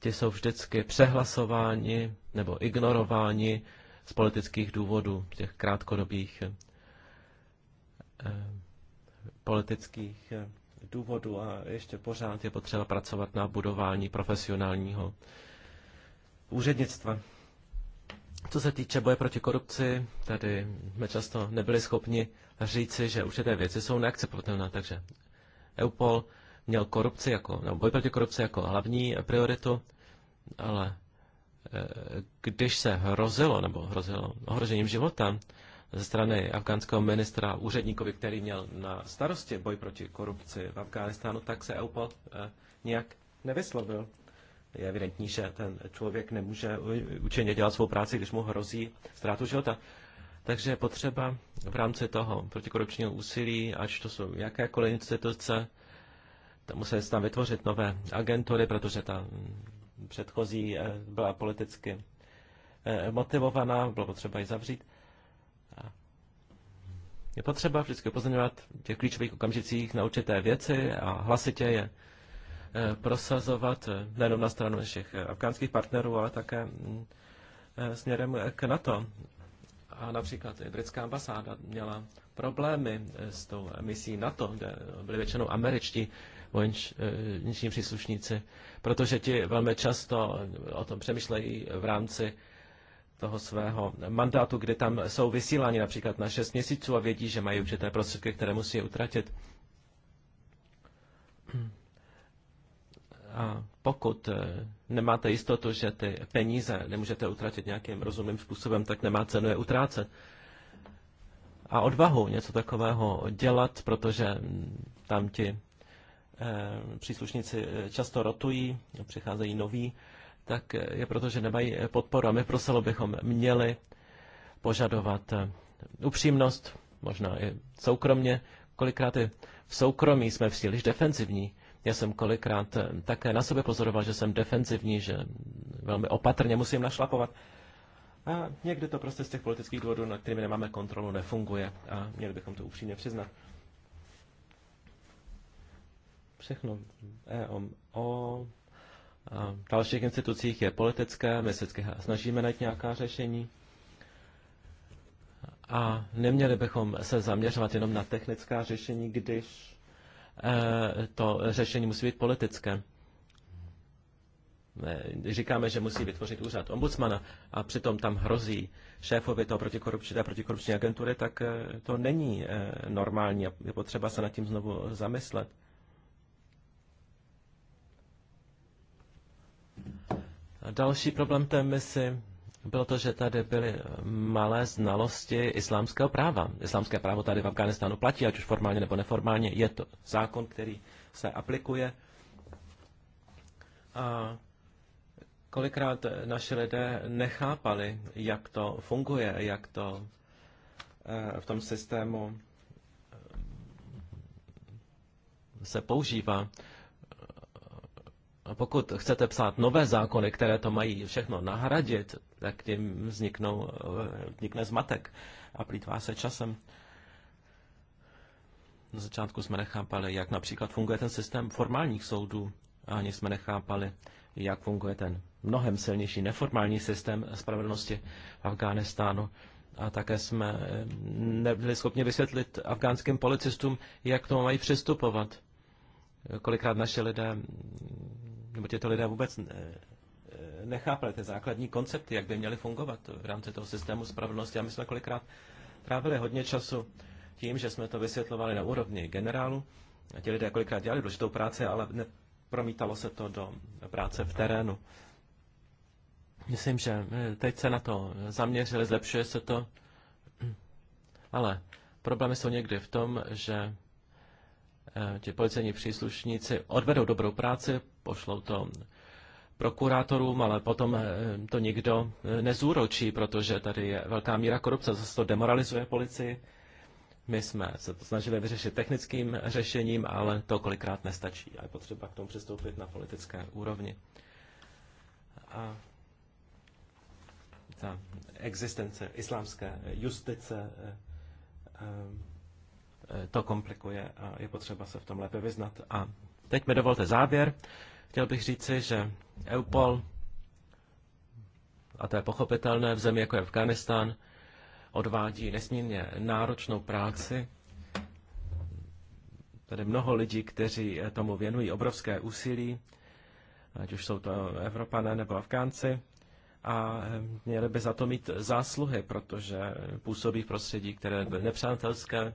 ti jsou vždycky přehlasováni nebo ignorováni z politických důvodů, těch krátkodobých eh, politických eh, důvodů a ještě pořád je potřeba pracovat na budování profesionálního úřednictva. Co se týče boje proti korupci, tady jsme často nebyli schopni říci, že určité věci jsou neakceptovatelné. Takže EUPOL měl korupci jako, nebo boj proti korupci jako hlavní prioritu, ale eh, když se hrozilo, nebo hrozilo ohrožením života ze strany afgánského ministra úředníkovi, který měl na starosti boj proti korupci v Afghánistánu, tak se EUPOL eh, nějak nevyslovil. Je evidentní, že ten člověk nemůže učeně dělat svou práci, když mu hrozí ztrátu života. Takže je potřeba v rámci toho protikorupčního úsilí, ať to jsou jakékoliv instituce, museli se tam vytvořit nové agentury, protože ta předchozí eh, byla politicky eh, motivovaná, bylo potřeba ji zavřít. Je potřeba vždycky upozorňovat v těch klíčových okamžicích na určité věci a hlasitě je eh, prosazovat nejenom na stranu našich afgánských partnerů, ale také mm, směrem k NATO. A například i britská ambasáda měla problémy s tou misí NATO, kde byli většinou američtí vojenční eh, příslušníci, protože ti velmi často o tom přemýšlejí v rámci toho svého mandátu, kde tam jsou vysíláni například na 6 měsíců a vědí, že mají určité prostředky, které musí utratit. A pokud eh, nemáte jistotu, že ty peníze nemůžete utratit nějakým rozumným způsobem, tak nemá cenu je utrácet. A odvahu něco takového dělat, protože tam ti eh, příslušníci často rotují, přicházejí noví, tak je proto, že nemají podporu. A my v bychom měli požadovat eh, upřímnost, možná i soukromně. Kolikrát i v soukromí jsme příliš defenzivní. Já jsem kolikrát eh, také na sobě pozoroval, že jsem defenzivní, že velmi opatrně musím našlapovat. A někdy to prostě z těch politických důvodů, na kterými nemáme kontrolu, nefunguje. A měli bychom to upřímně přiznat. Všechno e o a v dalších institucích je politické, my se snažíme najít nějaká řešení. A neměli bychom se zaměřovat jenom na technická řešení, když Eh, to řešení musí být politické. Eh, říkáme, že musí vytvořit úřad ombudsmana a přitom tam hrozí šéfovi toho protikorupční, té protikorupční agentury, tak eh, to není normální a je potřeba se nad tím znovu zamyslet. další problém té misi bylo to, že tady byly eh, malé znalosti islámského práva. Islámské právo tady v Afganistánu platí, ať už formálně nebo neformálně. Je to zákon, který se aplikuje. A kolikrát naši lidé nechápali, jak to funguje, jak to eh, v tom systému se používá. A pokud chcete psát nové zákony, které to mají všechno nahradit, tak tím vzniknou, vznikne zmatek a plítvá se časem. Na začátku jsme nechápali, jak například funguje ten systém formálních soudů, a ani jsme nechápali, jak funguje ten mnohem silnější neformální systém spravedlnosti v Afghánistánu. A také jsme eh, nebyli schopni vysvětlit afgánským policistům, jak k tomu mají přistupovat. Kolikrát naše lidé nebo těto lidé vůbec eh, eh, nechápali ty základní koncepty, jak by měly fungovat v rámci toho systému spravedlnosti. A my jsme kolikrát trávili hodně času tím, že jsme to vysvětlovali na úrovni generálu. A ti lidé kolikrát dělali důležitou práci, ale nepromítalo se to do práce v terénu. Myslím, že eh, teď se na to zaměřili, zlepšuje se to, ale problémy jsou někdy v tom, že Eh, ti policejní příslušníci odvedou dobrou práci, pošlou to prokurátorům, ale potom eh, to nikdo eh, nezúročí, protože tady je velká míra korupce, zase to demoralizuje policii. My jsme se to snažili vyřešit technickým řešením, ale to kolikrát nestačí a je potřeba k tomu přistoupit na politické úrovni. A ta existence islámské justice to komplikuje a je potřeba se v tom lépe vyznat. A teď mi dovolte závěr. Chtěl bych říci, že EUPOL, a to je pochopitelné v zemi jako je Afganistán, odvádí nesmírně náročnou práci. Tady mnoho lidí, kteří tomu věnují obrovské úsilí, ať už jsou to Evropané nebo Afgánci, a měli by za to mít zásluhy, protože působí v prostředí, které je nepřátelské,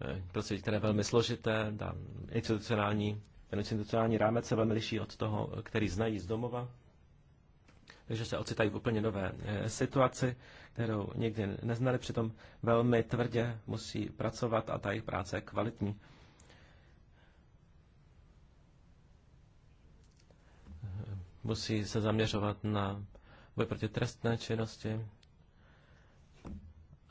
Eh, prostředí, které je velmi složité, ta institucionální, ten institucionální rámec se velmi liší od toho, který znají z domova, takže se ocitají v úplně nové eh, situaci, kterou nikdy neznali, přitom velmi tvrdě musí pracovat a ta jejich práce je kvalitní. Eh, musí se zaměřovat na boj proti trestné činnosti,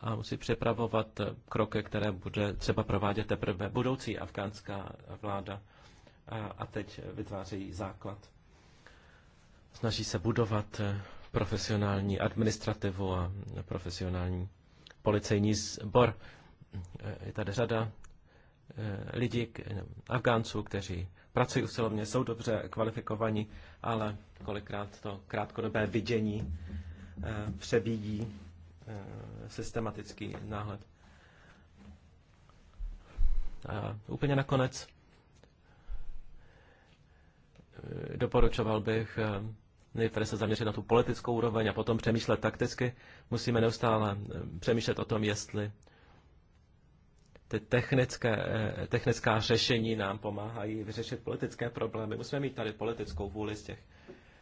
a musí přepravovat kroky, které bude třeba provádět teprve budoucí afgánská vláda a teď vytváří základ. Snaží se budovat profesionální administrativu a profesionální policejní sbor. Je tady řada eh, lidí, Afgánců, kteří pracují usilovně, jsou dobře kvalifikovaní, ale kolikrát to krátkodobé vidění eh, přebíjí Eh, systematický náhled. A úplně nakonec eh, doporučoval bych eh, nejprve se zaměřit na tu politickou úroveň a potom přemýšlet takticky. Musíme neustále přemýšlet o tom, jestli ty technické, technická řešení nám pomáhají vyřešit politické problémy. Musíme mít tady politickou vůli z těch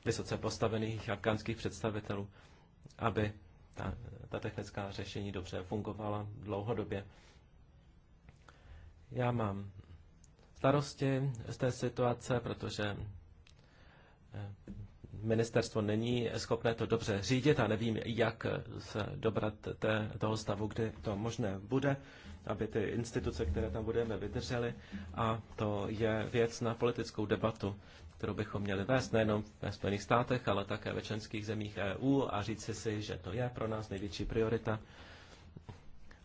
vysoce postavených afgánských představitelů, aby ta, ta technická řešení dobře fungovala dlouhodobě. Já mám starosti z té situace, protože eh, ministerstvo není schopné to dobře řídit a nevím, jak se dobrat té, toho stavu, kdy to možné bude, aby ty instituce, které tam budeme, vydržely. A to je věc na politickou debatu, kterou bychom měli vést nejenom ve Spojených státech, ale také ve členských zemích EU a říci si, že to je pro nás největší priorita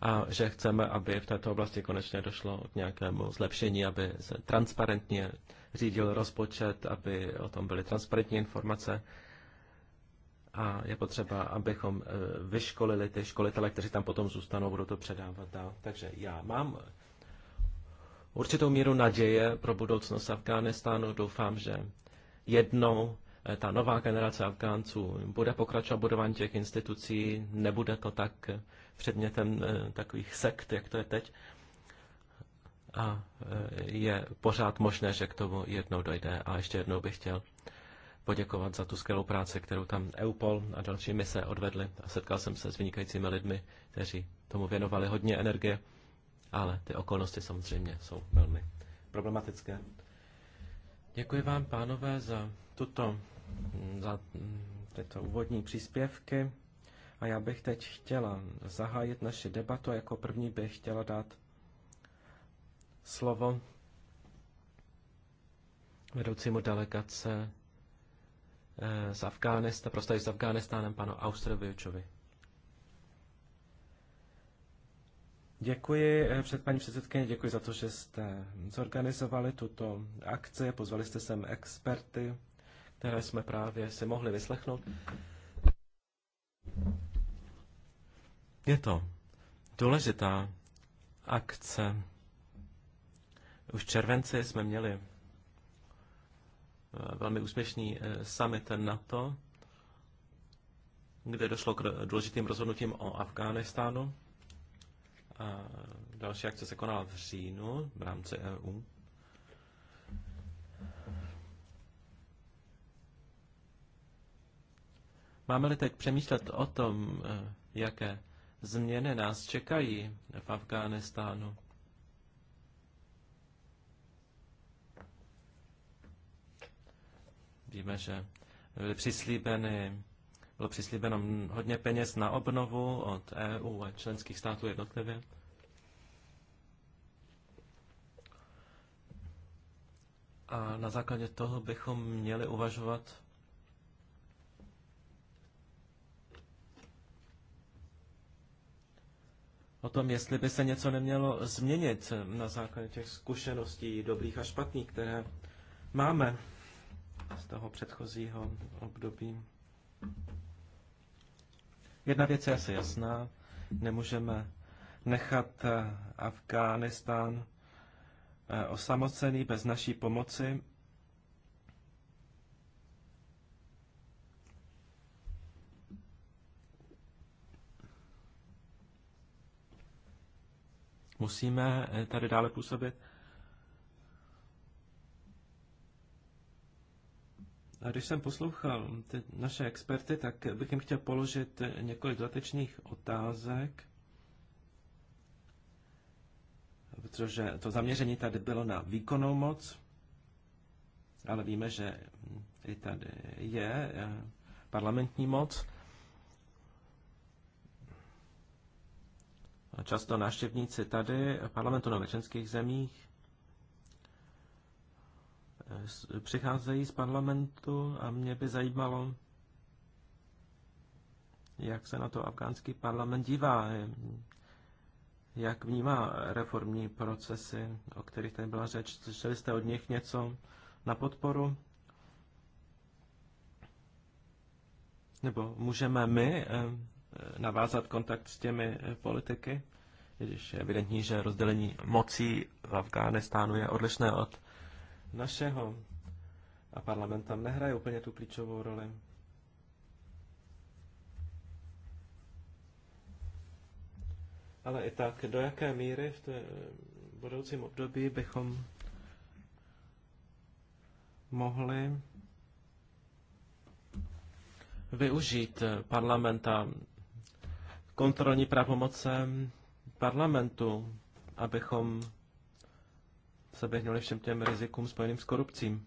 a že chceme, aby v této oblasti konečně došlo k nějakému zlepšení, aby se transparentně řídil rozpočet, aby o tom byly transparentní informace a je potřeba, abychom e, vyškolili ty školitele, kteří tam potom zůstanou, budou to předávat dál. Takže já mám určitou míru naděje pro budoucnost Afghánistánu. Doufám, že jednou e, ta nová generace Afgánců bude pokračovat budování těch institucí, nebude to tak předmětem eh, takových sekt, jak to je teď. A eh, je pořád možné, že k tomu jednou dojde. A ještě jednou bych chtěl poděkovat za tu skvělou práci, kterou tam EUPOL a další mise odvedli. A setkal jsem se s vynikajícími lidmi, kteří tomu věnovali hodně energie, ale ty okolnosti samozřejmě jsou velmi problematické. Děkuji vám, pánové, za tuto, za hm, tyto úvodní příspěvky. A já bych teď chtěla zahájit naši debatu jako první bych chtěla dát slovo vedoucímu delegace eh, z Afghánistánu, prostě s Afghánistánem, panu Austrovičovi. Děkuji eh, před paní předsedkyně, děkuji za to, že jste zorganizovali tuto akci, pozvali jste sem experty, které jsme právě si mohli vyslechnout. Je to důležitá akce. Už v červenci jsme měli eh, velmi úspěšný eh, summit NATO, kde došlo k důležitým rozhodnutím o Afghánistánu. A další akce se konala v říjnu v rámci EU. Máme-li teď přemýšlet o tom, eh, jaké změny nás čekají v Afghánistánu. Víme, že byly přislíbeny, bylo přislíbeno hodně peněz na obnovu od EU a členských států jednotlivě. A na základě toho bychom měli uvažovat o tom, jestli by se něco nemělo změnit na základě těch zkušeností dobrých a špatných, které máme z toho předchozího období. Jedna věc je asi jasná. Nemůžeme nechat Afghánistán eh, osamocený bez naší pomoci. Musíme eh, tady dále působit. A když jsem poslouchal ty naše experty, tak bych jim chtěl položit eh, několik dodatečných otázek, protože to zaměření tady bylo na výkonnou moc, ale víme, že i tady je eh, parlamentní moc. a často návštěvníci tady parlamentu na členských zemích eh, přicházejí z parlamentu a mě by zajímalo, jak se na to afgánský parlament dívá, eh, jak vnímá reformní procesy, o kterých tady byla řeč. Slyšeli jste od nich něco na podporu? Nebo můžeme my eh, Eh, navázat kontakt s těmi eh, politiky, když je evidentní, že rozdělení mocí v Afghánistánu je odlišné od našeho a parlament tam nehraje úplně tu klíčovou roli. Ale i tak, do jaké míry v té eh, budoucím období bychom mohli využít parlamenta kontrolní pravomoce parlamentu, abychom se běhnuli všem těm rizikům spojeným s korupcím.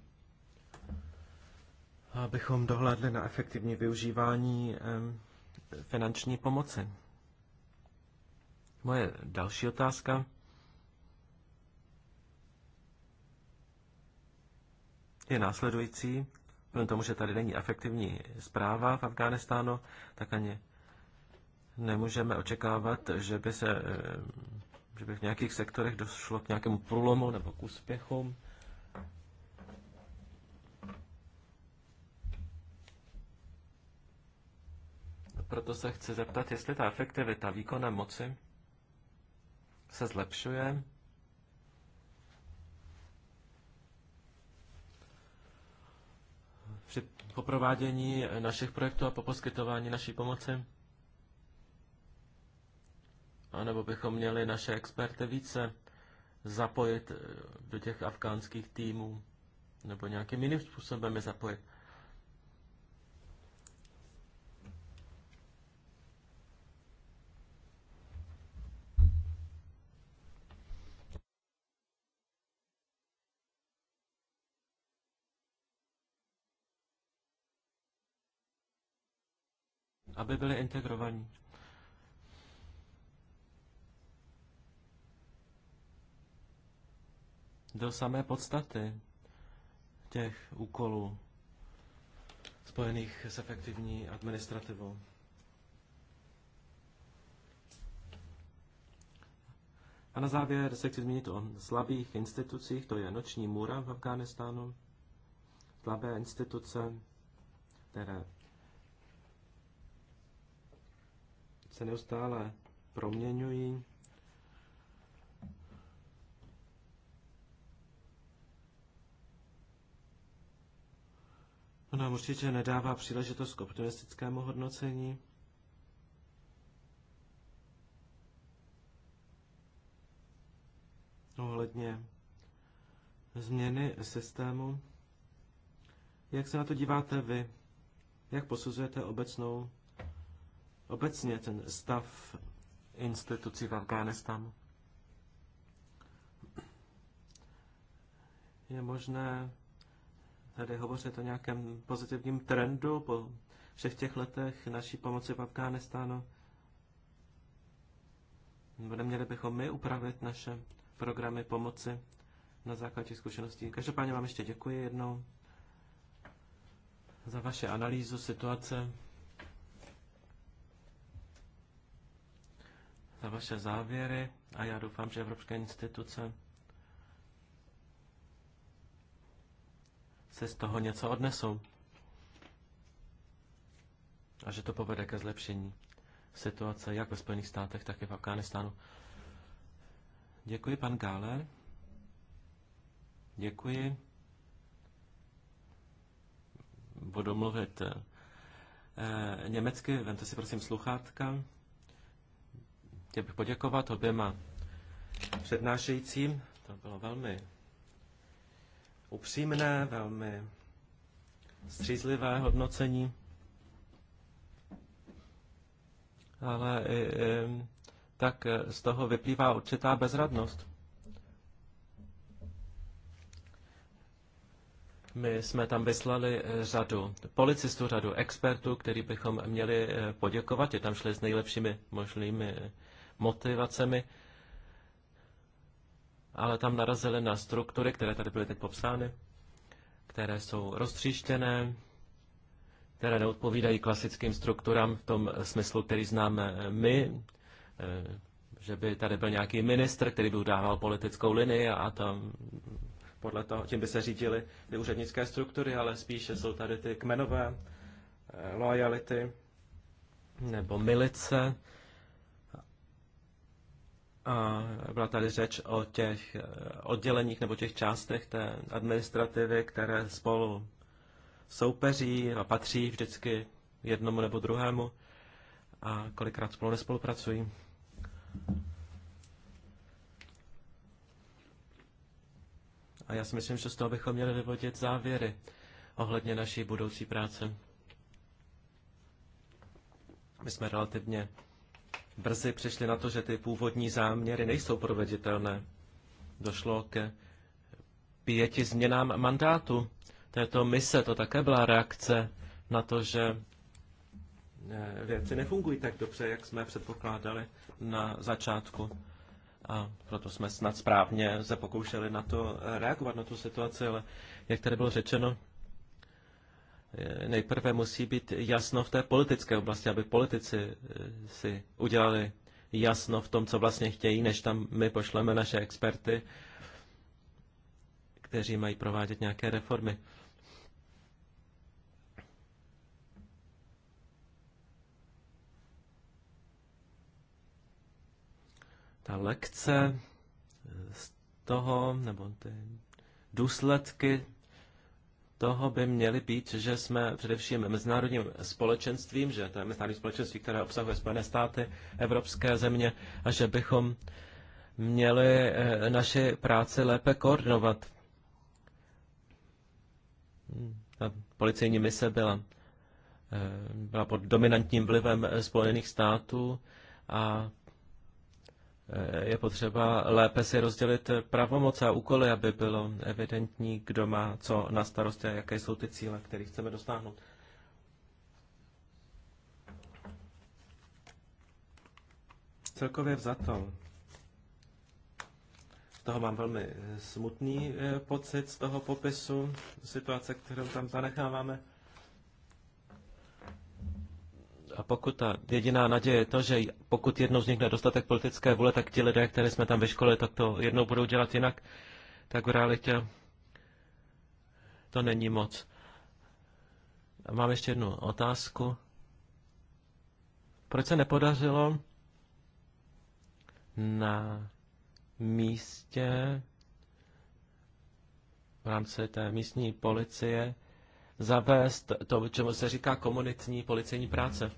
Abychom dohlédli na efektivní využívání finanční pomoci. Moje další otázka. je následující. Vzhledem tomu, že tady není efektivní zpráva v Afghánistánu, tak ani nemůžeme očekávat, že by, se, eh, že by v nějakých sektorech došlo k nějakému průlomu nebo k úspěchům. Proto se chci zeptat, jestli ta efektivita výkonné moci se zlepšuje. Při po provádění našich projektů a po poskytování naší pomoci anebo bychom měli naše experty více zapojit eh, do těch afgánských týmů, nebo nějakým jiným způsobem je zapojit. aby byli integrovaní. do samé podstaty těch úkolů spojených s efektivní administrativou. A na závěr se chci zmínit o slabých institucích, to je noční můra v Afghánistánu, slabé instituce, které se neustále proměňují. nám určitě nedává příležitost k optimistickému hodnocení. Ohledně změny systému. Jak se na to díváte vy? Jak posuzujete obecnou, obecně ten stav institucí v Afganistánu? Je možné tady hovořit o nějakém pozitivním trendu po všech těch letech naší pomoci v Afghánistánu. Neměli bychom my upravit naše programy pomoci na základě zkušeností. Každopádně vám ještě děkuji jednou za vaše analýzu situace, za vaše závěry a já doufám, že evropské instituce si z toho něco odnesou. A že to povede ke zlepšení situace jak ve Spojených státech, tak i v Afganistánu. Děkuji, pan Gáler. Děkuji. Budu mluvit e, německy, vemte si prosím sluchátka. Chtěl bych poděkovat oběma přednášejícím. To bylo velmi upřímné, velmi střízlivé hodnocení. Ale i, i, tak z toho vyplývá určitá bezradnost. My jsme tam vyslali řadu policistů, řadu expertů, který bychom měli eh, poděkovat. Je tam šli s nejlepšími možnými eh, motivacemi ale tam narazili na struktury, které tady byly teď popsány, které jsou roztříštěné, které neodpovídají klasickým strukturám v tom smyslu, který známe my, eh, že by tady byl nějaký ministr, který by udával politickou linii a tam podle toho, tím by se řídily ty úřednické struktury, ale spíše jsou tady ty kmenové eh, lojality nebo milice, a byla tady řeč o těch eh, odděleních nebo těch částech té administrativy, které spolu soupeří a patří vždycky jednomu nebo druhému a kolikrát spolu nespolupracují. A já si myslím, že z toho bychom měli vyvodit závěry ohledně naší budoucí práce. My jsme relativně brzy přišli na to, že ty původní záměry nejsou proveditelné. Došlo ke pěti změnám mandátu této mise. To také byla reakce na to, že eh, věci nefungují tak dobře, jak jsme předpokládali na začátku. A proto jsme snad správně se pokoušeli na to reagovat, na tu situaci, ale jak tady bylo řečeno, Eh, nejprve musí být jasno v té politické oblasti, aby politici eh, si udělali jasno v tom, co vlastně chtějí, než tam my pošleme naše experty, kteří mají provádět nějaké reformy. Ta lekce z toho, nebo ty důsledky toho by měly být, že jsme především mezinárodním společenstvím, že to je mezinárodní společenství, které obsahuje Spojené státy, evropské země a že bychom měli eh, naši práci lépe koordinovat. Ta policejní mise byla, eh, byla pod dominantním vlivem Spojených států a je potřeba lépe si rozdělit pravomoce a úkoly, aby bylo evidentní, kdo má co na starosti a jaké jsou ty cíle, které chceme dosáhnout. Celkově vzato. Z toho mám velmi smutný eh, pocit z toho popisu situace, kterou tam zanecháváme. A pokud ta jediná naděje je to, že pokud jednou vznikne dostatek politické vůle, tak ti lidé, které jsme tam ve škole, tak to jednou budou dělat jinak, tak v realitě to není moc. A mám ještě jednu otázku. Proč se nepodařilo na místě v rámci té místní policie zavést to, čemu se říká komunitní policejní práce.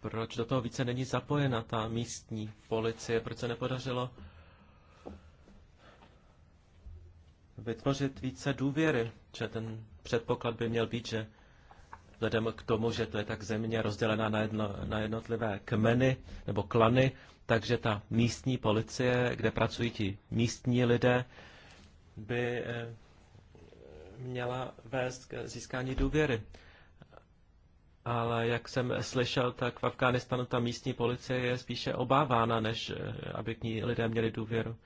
Proč do toho více není zapojena ta místní policie? Proč se nepodařilo vytvořit více důvěry? Že ten předpoklad by měl být, že vzhledem k tomu, že to je tak země rozdělená na, jedno, na jednotlivé kmeny nebo klany, takže ta místní policie, kde pracují ti místní lidé, by eh, měla vést k získání důvěry. Ale jak jsem slyšel, tak v Afghánistánu ta místní policie je spíše obávána, než eh, aby k ní lidé měli důvěru.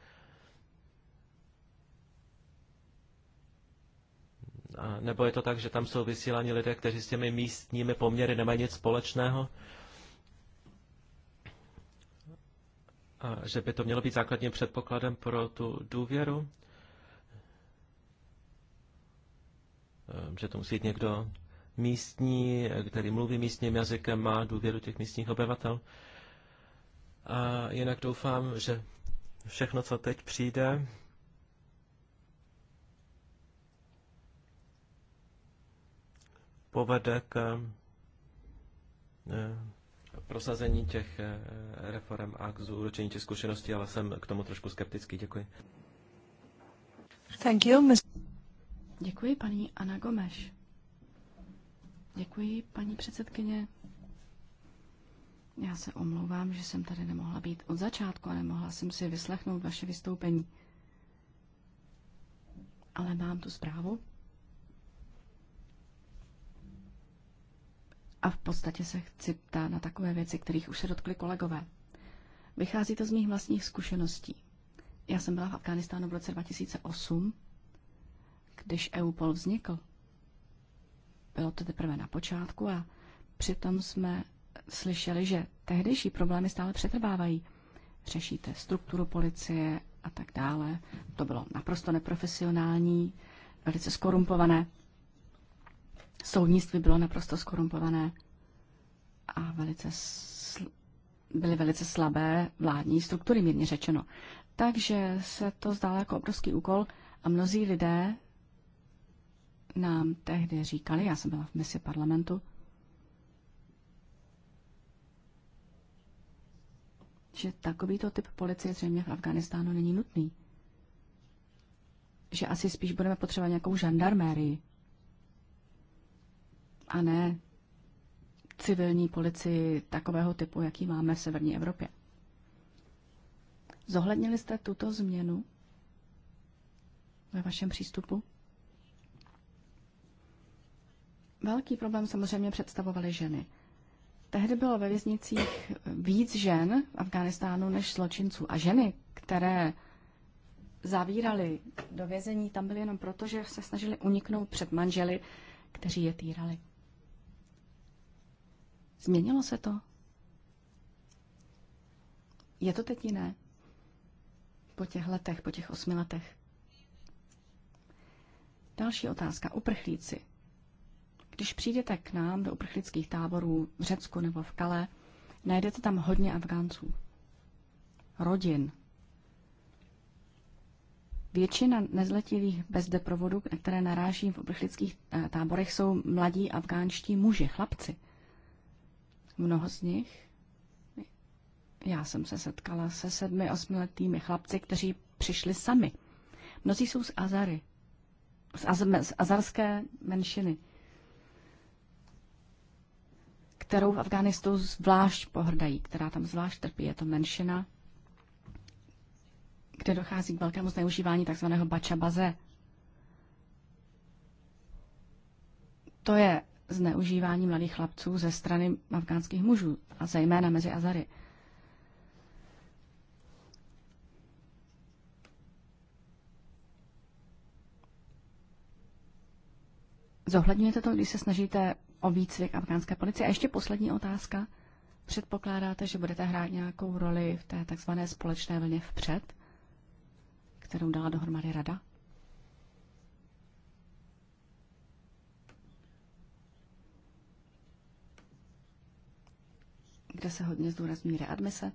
A nebo je to tak, že tam jsou vysíláni lidé, kteří s těmi místními poměry nemají nic společného? A že by to mělo být základním předpokladem pro tu důvěru? Ehm, že to musí být někdo místní, který mluví místním jazykem, má důvěru těch místních obyvatel. A jinak doufám, že všechno, co teď přijde, povede k eh, prosazení těch eh, reform a k zúročení těch zkušeností, ale jsem k tomu trošku skeptický. Děkuji. Thank you, Děkuji, paní Ana Gomeš. Děkuji, paní předsedkyně. Já se omlouvám, že jsem tady nemohla být od začátku a nemohla jsem si vyslechnout vaše vystoupení. Ale mám tu zprávu. A v podstatě se chci ptát na takové věci, kterých už se dotkli kolegové. Vychází to z mých vlastních zkušeností. Já jsem byla v Afghánistánu v roce 2008 když EUPOL vznikl, bylo to teprve na počátku a přitom jsme slyšeli, že tehdejší problémy stále přetrvávají. Řešíte strukturu policie a tak dále. To bylo naprosto neprofesionální, velice skorumpované. Soudnictví bylo naprosto skorumpované a velice sl- byly velice slabé vládní struktury, mírně řečeno. Takže se to zdálo jako obrovský úkol a mnozí lidé nám tehdy říkali, já jsem byla v misi parlamentu, že takovýto typ policie zřejmě v Afganistánu není nutný. Že asi spíš budeme potřebovat nějakou žandarmérii. A ne civilní policii takového typu, jaký máme v severní Evropě. Zohlednili jste tuto změnu ve vašem přístupu? Velký problém samozřejmě představovaly ženy. Tehdy bylo ve věznicích víc žen v Afghánistánu než zločinců. A ženy, které zavírali do vězení, tam byly jenom proto, že se snažili uniknout před manželi, kteří je týrali. Změnilo se to? Je to teď jiné? Po těch letech, po těch osmi letech. Další otázka. Uprchlíci. Když přijdete k nám do uprchlických táborů v Řecku nebo v Kale, najdete tam hodně Afgánců. Rodin. Většina nezletilých bez deprovodu, na které naráží v uprchlických eh, táborech, jsou mladí afgánští muži, chlapci. Mnoho z nich, já jsem se setkala se sedmi, osmiletými chlapci, kteří přišli sami. Mnozí jsou z Azary, z, Az- z azarské menšiny kterou v Afganistánu zvlášť pohrdají, která tam zvlášť trpí. Je to menšina, kde dochází k velkému zneužívání tzv. bačabaze. To je zneužívání mladých chlapců ze strany afgánských mužů, a zejména mezi Azary. Zohledňujete to, když se snažíte o výcvik afgánské policie. A ještě poslední otázka. Předpokládáte, že budete hrát nějakou roli v té takzvané společné vlně vpřed, kterou dala dohromady rada? Kde se hodně zdůrazňují readmise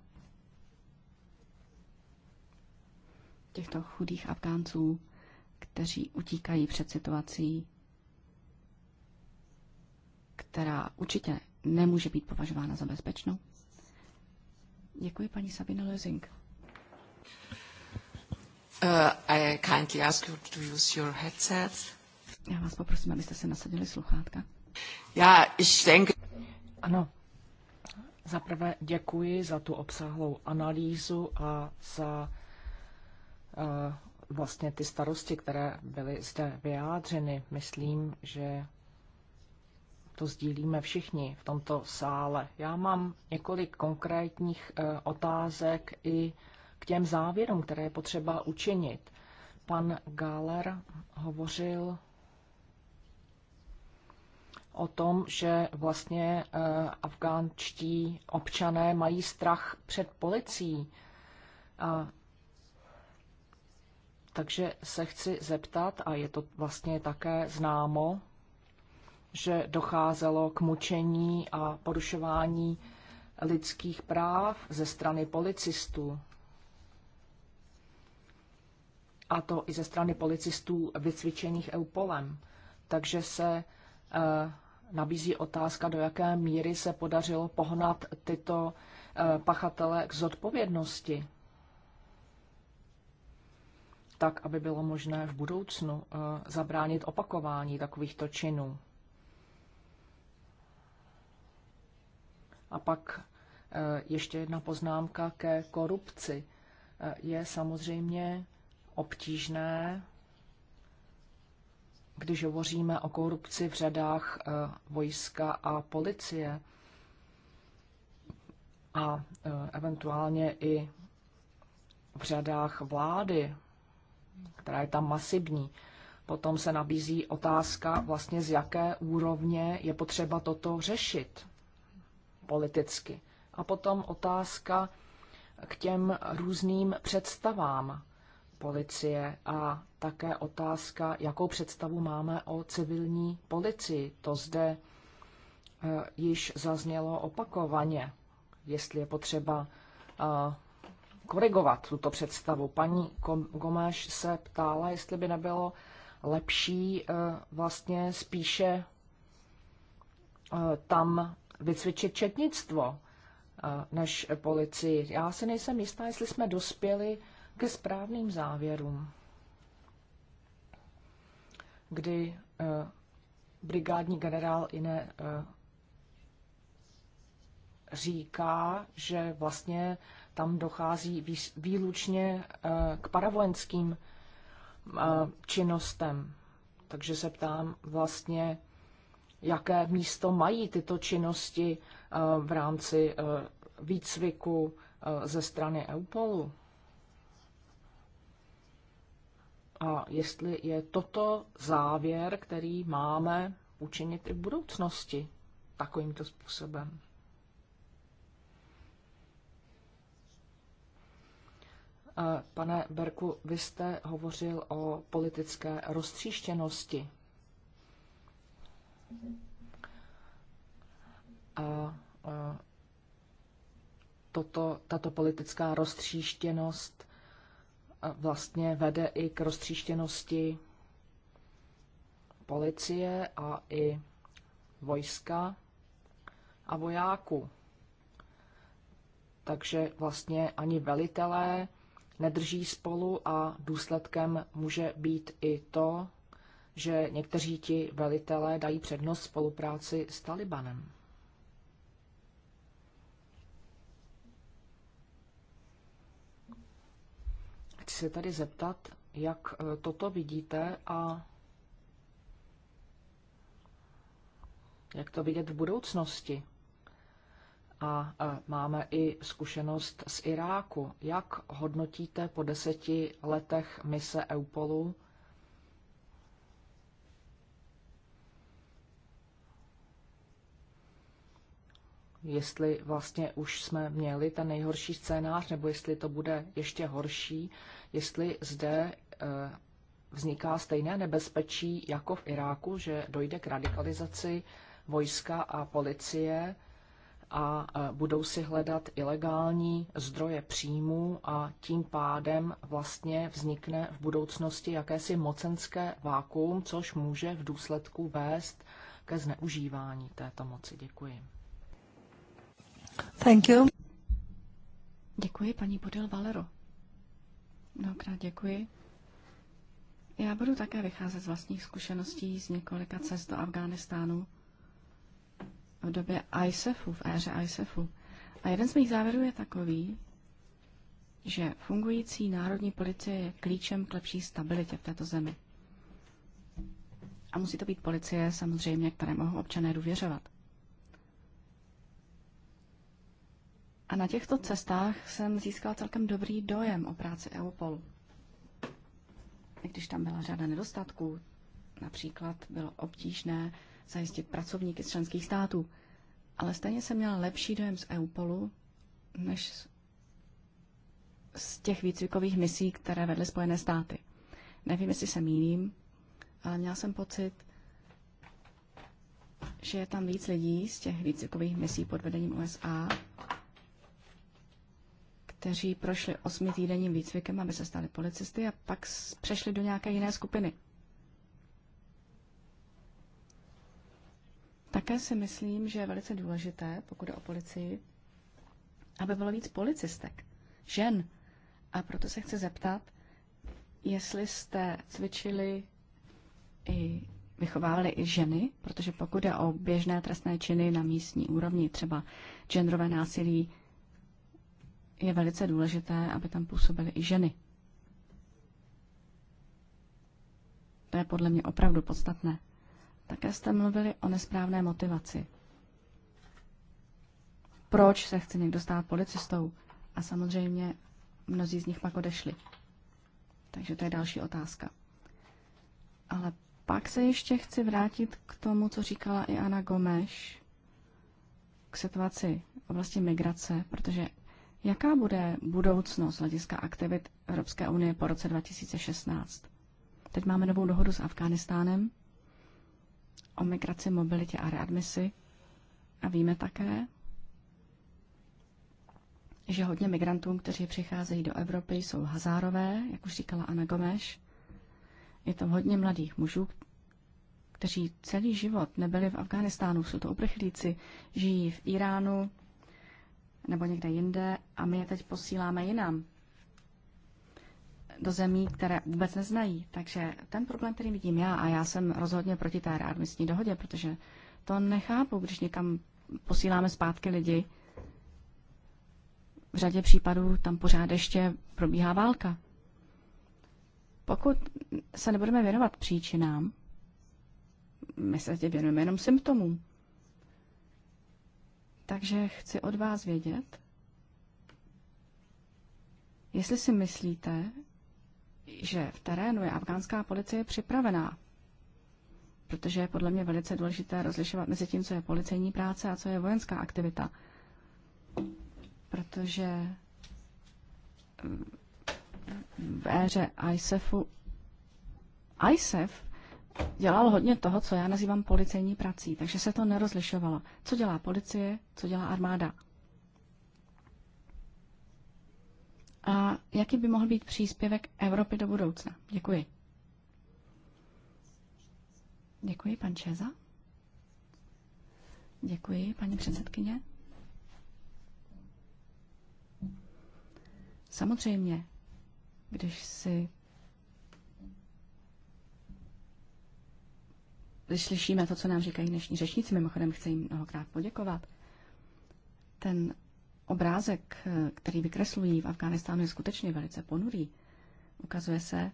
těchto chudých Afgánců, kteří utíkají před situací která určitě nemůže být považována za bezpečnou. Děkuji, paní Sabine Lozing. Uh, I kindly ask you to use your headsets. Já vás poprosím, abyste se nasadili sluchátka. Já ich denke... Ano. Zaprvé děkuji za tu obsáhlou analýzu a za uh, vlastně ty starosti, které byly zde vyjádřeny. Myslím, že to sdílíme všichni v tomto sále. Já mám několik konkrétních eh, otázek i k těm závěrům, které je potřeba učinit. Pan Galer hovořil o tom, že vlastně eh, afgánčtí občané mají strach před policií. A takže se chci zeptat, a je to vlastně také známo, že docházelo k mučení a porušování lidských práv ze strany policistů. A to i ze strany policistů vycvičených EUPOLem. Takže se eh, nabízí otázka, do jaké míry se podařilo pohnat tyto eh, pachatele k zodpovědnosti, tak aby bylo možné v budoucnu eh, zabránit opakování takovýchto činů. A pak e, ještě jedna poznámka ke korupci. E, je samozřejmě obtížné, když hovoříme o korupci v řadách e, vojska a policie a eventuálně i v řadách vlády, která je tam masivní. Potom se nabízí otázka, vlastně z jaké úrovně je potřeba toto řešit politicky. A potom otázka k těm různým představám policie a také otázka, jakou představu máme o civilní policii. To zde eh, již zaznělo opakovaně, jestli je potřeba eh, korigovat tuto představu. Paní Gomáš se ptála, jestli by nebylo lepší eh, vlastně spíše tam vycvičit četnictvo eh, než policii. Já si nejsem jistá, jestli jsme dospěli ke správným závěrům, kdy eh, brigádní generál Iné eh, říká, že vlastně tam dochází výlučně k paravojenským činnostem. Takže se ptám vlastně, jaké místo mají tyto činnosti eh, v rámci eh, výcviku eh, ze strany EUPOLu. A jestli je toto závěr, který máme učinit i v budoucnosti takovýmto způsobem. Pane Berku, vy jste hovořil o politické roztříštěnosti a, a toto, tato politická roztříštěnost vlastně vede i k roztříštěnosti policie a i vojska a vojáků. Takže vlastně ani velitelé nedrží spolu a důsledkem může být i to, že někteří ti velitelé dají přednost spolupráci s Talibanem. Chci se tady zeptat, jak e, toto vidíte a jak to vidět v budoucnosti. A e, máme i zkušenost z Iráku. Jak hodnotíte po deseti letech mise EUPOLu jestli vlastně už jsme měli ten nejhorší scénář, nebo jestli to bude ještě horší, jestli zde eh, vzniká stejné nebezpečí jako v Iráku, že dojde k radikalizaci vojska a policie a eh, budou si hledat ilegální zdroje příjmů a tím pádem vlastně vznikne v budoucnosti jakési mocenské vákuum, což může v důsledku vést ke zneužívání této moci. Děkuji. Thank you. Děkuji, paní Podil Valero. Mnohokrát děkuji. Já budu také vycházet z vlastních zkušeností z několika cest do Afghánistánu v době ISEFu, v éře ISEFu. A jeden z mých závěrů je takový, že fungující národní policie je klíčem k lepší stabilitě v této zemi. A musí to být policie samozřejmě, které mohou občané důvěřovat. A na těchto cestách jsem získala celkem dobrý dojem o práci Eupolu. I když tam byla řada nedostatků, například bylo obtížné zajistit pracovníky z členských států, ale stejně jsem měla lepší dojem z Eupolu, než z těch výcvikových misí, které vedly Spojené státy. Nevím, jestli se mýlím, ale měla jsem pocit, že je tam víc lidí z těch výcvikových misí pod vedením USA, kteří prošli osmi týdenním výcvikem, aby se stali policisty a pak přešli do nějaké jiné skupiny. Také si myslím, že je velice důležité, pokud jde o policii, aby bylo víc policistek, žen. A proto se chci zeptat, jestli jste cvičili i vychovávali i ženy, protože pokud jde o běžné trestné činy na místní úrovni, třeba genderové násilí, je velice důležité, aby tam působily i ženy. To je podle mě opravdu podstatné. Také jste mluvili o nesprávné motivaci. Proč se chce někdo stát policistou? A samozřejmě mnozí z nich pak odešli. Takže to je další otázka. Ale pak se ještě chci vrátit k tomu, co říkala i Ana Gomeš, k situaci v oblasti migrace, protože Jaká bude budoucnost hlediska aktivit Evropské unie po roce 2016? Teď máme novou dohodu s Afghánistánem o migraci, mobilitě a readmisi. A víme také, že hodně migrantů, kteří přicházejí do Evropy, jsou hazárové, jak už říkala Ana Gomeš. Je tam hodně mladých mužů, kteří celý život nebyli v Afghánistánu, jsou to uprchlíci, žijí v Iránu, nebo někde jinde a my je teď posíláme jinam do zemí, které vůbec neznají. Takže ten problém, který vidím já, a já jsem rozhodně proti té readmisní dohodě, protože to nechápu, když někam posíláme zpátky lidi. V řadě případů tam pořád ještě probíhá válka. Pokud se nebudeme věnovat příčinám, my se věnujeme jenom symptomům. Takže chci od vás vědět, jestli si myslíte, že v terénu je afgánská policie připravená, protože je podle mě velice důležité rozlišovat mezi tím, co je policejní práce a co je vojenská aktivita. Protože v éře ISEFu ISEF dělal hodně toho, co já nazývám policejní prací, takže se to nerozlišovalo. Co dělá policie, co dělá armáda. A jaký by mohl být příspěvek Evropy do budoucna? Děkuji. Děkuji, pan Čeza. Děkuji, paní předsedkyně. Samozřejmě, když si když slyšíme to, co nám říkají dnešní řečníci, mimochodem chci jim mnohokrát poděkovat, ten obrázek, eh, který vykreslují v Afghánistánu, je skutečně velice ponurý. Ukazuje se,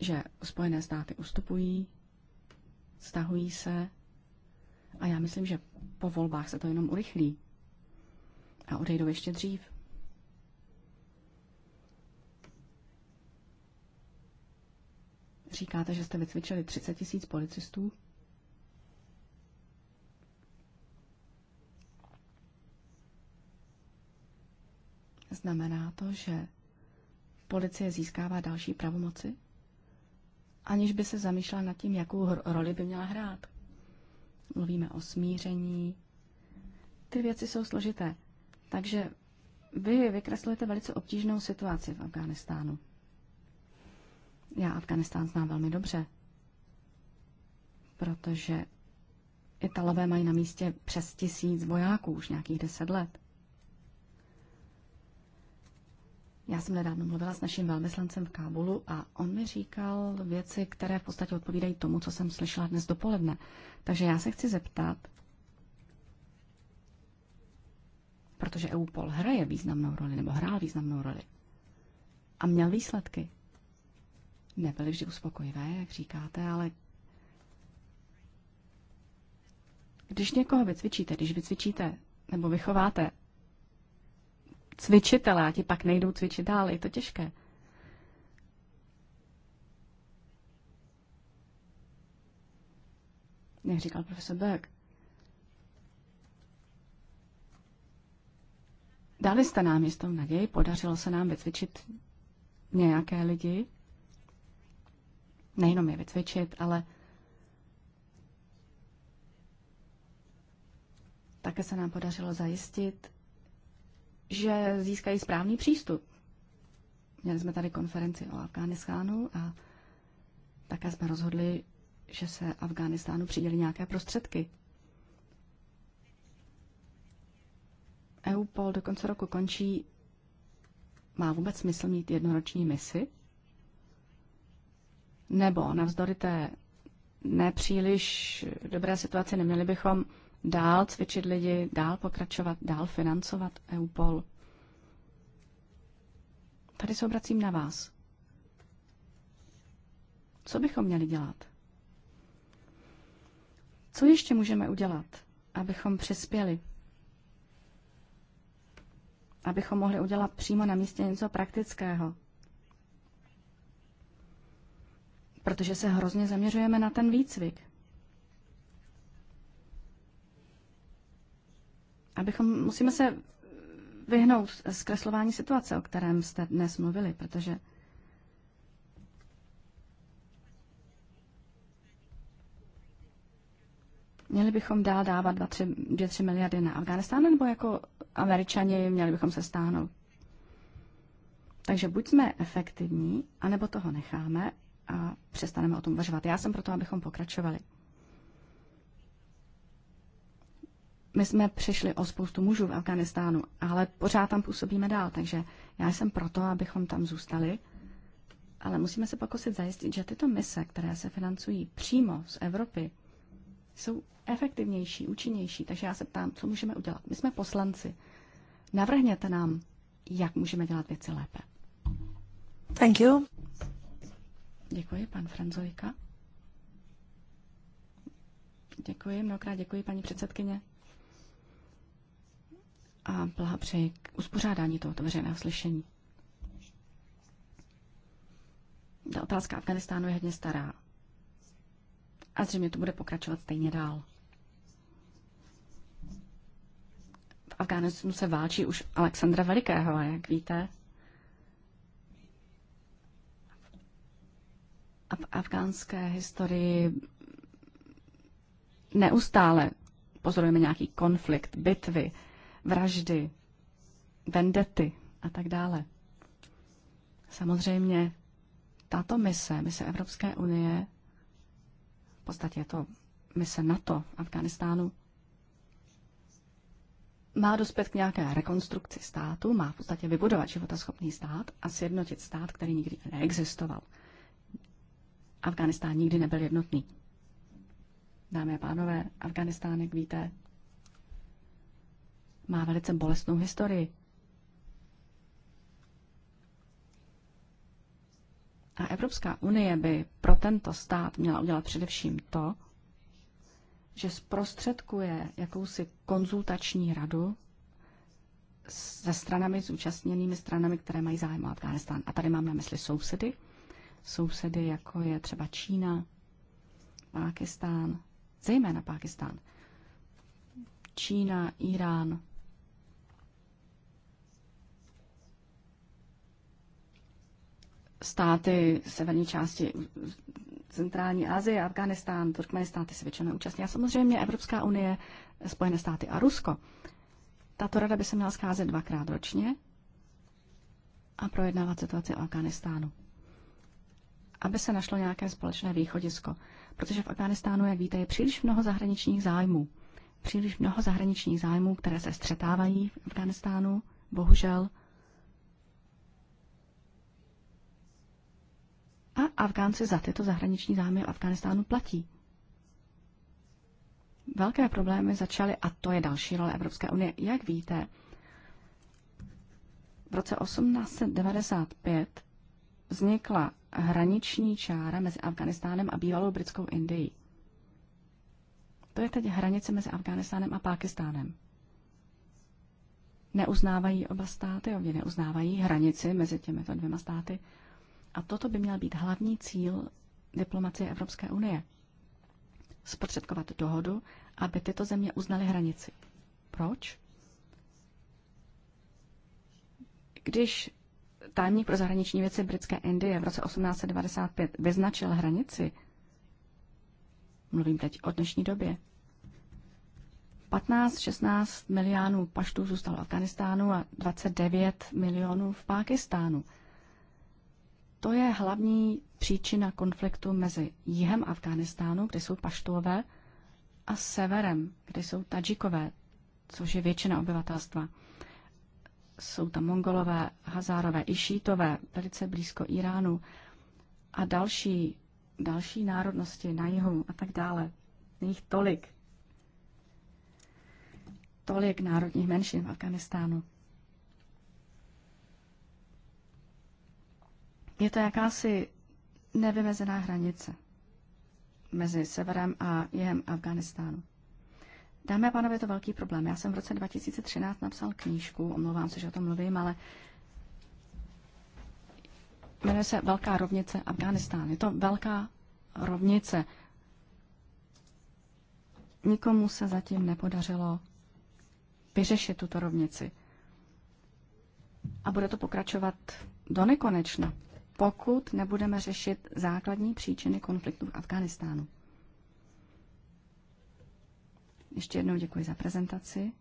že Spojené státy ustupují, stahují se a já myslím, že po volbách se to jenom urychlí a odejdou ještě dřív. Říkáte, že jste vycvičili 30 tisíc policistů? Znamená to, že policie získává další pravomoci, aniž by se zamýšlela nad tím, jakou roli by měla hrát. Mluvíme o smíření. Ty věci jsou složité. Takže vy vykreslujete velice obtížnou situaci v Afghánistánu. Já Afganistán znám velmi dobře, protože Italové mají na místě přes tisíc vojáků už nějakých deset let. Já jsem nedávno mluvila s naším velvyslancem v Kábulu a on mi říkal věci, které v podstatě odpovídají tomu, co jsem slyšela dnes dopoledne. Takže já se chci zeptat, protože EUPOL hraje významnou roli, nebo hrál významnou roli a měl výsledky nebyly vždy uspokojivé, jak říkáte, ale když někoho vycvičíte, když vycvičíte nebo vychováte cvičitele a ti pak nejdou cvičit dál, je to těžké. Jak říkal profesor Berg, Dali jste nám jistou naději, podařilo se nám vycvičit nějaké lidi, nejenom je vycvičit, ale také se nám podařilo zajistit, že získají správný přístup. Měli jsme tady konferenci o Afghánistánu a také jsme rozhodli, že se Afghánistánu přidělí nějaké prostředky. EUPOL do konce roku končí. Má vůbec smysl mít jednoroční misi? Nebo navzdory té nepříliš dobré situaci neměli bychom dál cvičit lidi, dál pokračovat, dál financovat EUPOL. Tady se obracím na vás. Co bychom měli dělat? Co ještě můžeme udělat, abychom přispěli? Abychom mohli udělat přímo na místě něco praktického, protože se hrozně zaměřujeme na ten výcvik. Abychom, musíme se vyhnout zkreslování situace, o kterém jste dnes mluvili, protože Měli bychom dál dávat 2-3 miliardy na Afganistán, nebo jako američani měli bychom se stáhnout? Takže buď jsme efektivní, anebo toho necháme a přestaneme o tom uvažovat. Já jsem proto, abychom pokračovali. My jsme přišli o spoustu mužů v Afganistánu, ale pořád tam působíme dál, takže já jsem proto, abychom tam zůstali, ale musíme se pokusit zajistit, že tyto mise, které se financují přímo z Evropy, jsou efektivnější, účinnější. Takže já se ptám, co můžeme udělat. My jsme poslanci. Navrhněte nám, jak můžeme dělat věci lépe. Thank you. Děkuji, pan Franzojka. Děkuji, mnohokrát děkuji, paní předsedkyně. A blahopřeji k uspořádání tohoto veřejného slyšení. Ta otázka Afganistánu je hodně stará. A zřejmě to bude pokračovat stejně dál. V Afganistánu se válčí už Alexandra Velikého, jak víte. afgánské historii neustále pozorujeme nějaký konflikt, bitvy, vraždy, vendety a tak dále. Samozřejmě tato mise, mise Evropské unie, v podstatě je to mise NATO v Afganistánu, má dospět k nějaké rekonstrukci státu, má v podstatě vybudovat životaschopný stát a sjednotit stát, který nikdy neexistoval. Afganistán nikdy nebyl jednotný. Dámy a pánové, Afganistán, jak víte, má velice bolestnou historii. A Evropská unie by pro tento stát měla udělat především to, že zprostředkuje jakousi konzultační radu se stranami, zúčastněnými stranami, které mají zájem o Afghánistán. A tady mám na mysli sousedy, sousedy, jako je třeba Čína, Pákistán, zejména Pákistán, Čína, Irán, státy severní části centrální Asie, Afganistán, Turkmenistán, ty se většinou účastní. A samozřejmě Evropská unie, Spojené státy a Rusko. Tato rada by se měla scházet dvakrát ročně a projednávat situaci v Afganistánu aby se našlo nějaké společné východisko. Protože v Afganistánu, jak víte, je příliš mnoho zahraničních zájmů. Příliš mnoho zahraničních zájmů, které se střetávají v Afganistánu, bohužel. A Afgánci za tyto zahraniční zájmy v Afganistánu platí. Velké problémy začaly, a to je další role Evropské unie, jak víte, v roce 1895 vznikla hraniční čára mezi Afganistánem a bývalou britskou Indií. To je teď hranice mezi Afganistánem a Pákistánem. Neuznávají oba státy, oni neuznávají hranici mezi těmito dvěma státy. A toto by měl být hlavní cíl diplomacie Evropské unie. Spotřebkovat dohodu, aby tyto země uznaly hranici. Proč? Když tajemník pro zahraniční věci britské Indie v roce 1895 vyznačil hranici, mluvím teď o dnešní době, 15-16 milionů paštů zůstalo v Afganistánu a 29 milionů v Pákistánu. To je hlavní příčina konfliktu mezi jihem Afganistánu, kde jsou paštové, a severem, kde jsou tadžikové, což je většina obyvatelstva. Jsou tam mongolové, hazárové i šítové, velice blízko Iránu a další, další národnosti na jihu a tak dále. Není jich tolik. Tolik národních menšin v Afganistánu. Je to jakási nevymezená hranice mezi severem a jihem Afganistánu. Dámy a pánové, je to velký problém. Já jsem v roce 2013 napsal knížku, omlouvám se, že o tom mluvím, ale jmenuje se Velká rovnice Afganistán. Je to velká rovnice. Nikomu se zatím nepodařilo vyřešit tuto rovnici. A bude to pokračovat do nekonečna, pokud nebudeme řešit základní příčiny konfliktu v Afganistánu. Ještě jednou děkuji za prezentaci.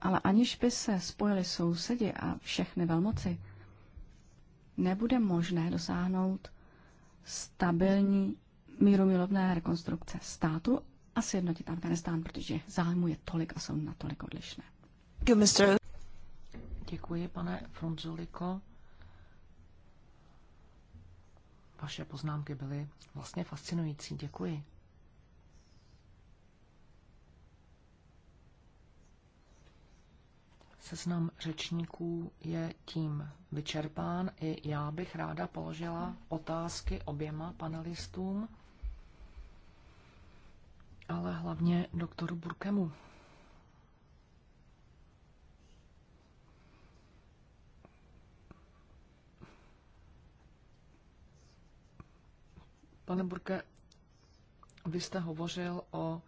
Ale aniž by se spojili sousedi a všechny velmoci, nebude možné dosáhnout stabilní mírumilovné rekonstrukce státu a sjednotit Afganistán, protože zájmu je tolik a jsou natolik odlišné. Děkuji, pane Frunzuliko. Vaše poznámky byly vlastně fascinující. Děkuji. Seznam řečníků je tím vyčerpán. I já bych ráda položila otázky oběma panelistům, ale hlavně doktoru Burkemu. Pane Burke, vy jste hovořil o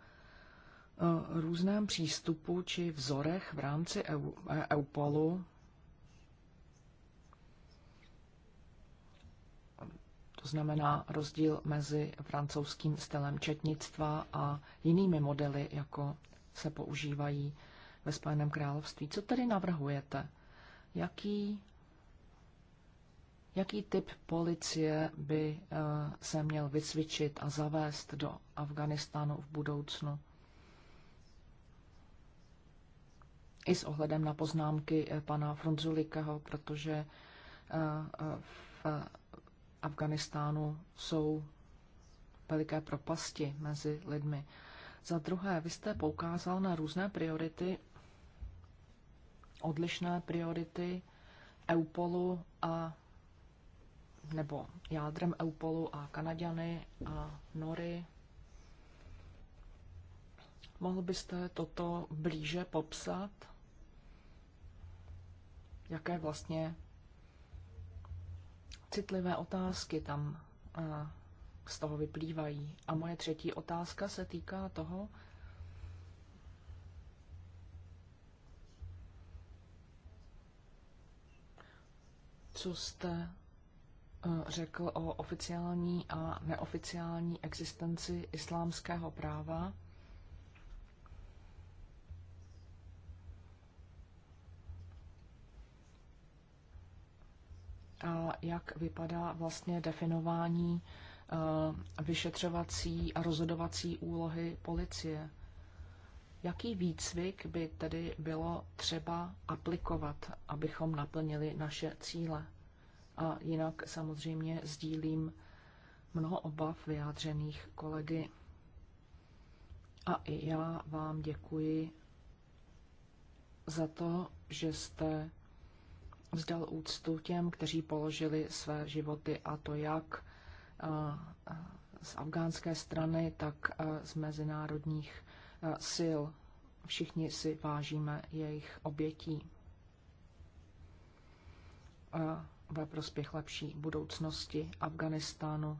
různém přístupu či vzorech v rámci EU, e, EUPOLu. To znamená rozdíl mezi francouzským stylem četnictva a jinými modely, jako se používají ve Spojeném království. Co tedy navrhujete? Jaký Jaký typ policie by eh, se měl vycvičit a zavést do Afganistánu v budoucnu? I s ohledem na poznámky eh, pana Frunzulikaho, protože eh, v Afganistánu jsou veliké propasti mezi lidmi. Za druhé, vy jste poukázal na různé priority, odlišné priority EUPOLu a nebo jádrem Eupolu a Kanaďany a Nory. Mohl byste toto blíže popsat? Jaké vlastně citlivé otázky tam z toho vyplývají? A moje třetí otázka se týká toho, co jste Eh, řekl o oficiální a neoficiální existenci islámského práva. A jak vypadá vlastně definování eh, vyšetřovací a rozhodovací úlohy policie? Jaký výcvik by tedy bylo třeba aplikovat, abychom naplnili naše cíle? A jinak samozřejmě sdílím mnoho obav vyjádřených kolegy. A i já vám děkuji za to, že jste vzdal úctu těm, kteří položili své životy, a to jak z afgánské strany, tak z mezinárodních sil. Všichni si vážíme jejich obětí ve prospěch lepší budoucnosti Afganistánu,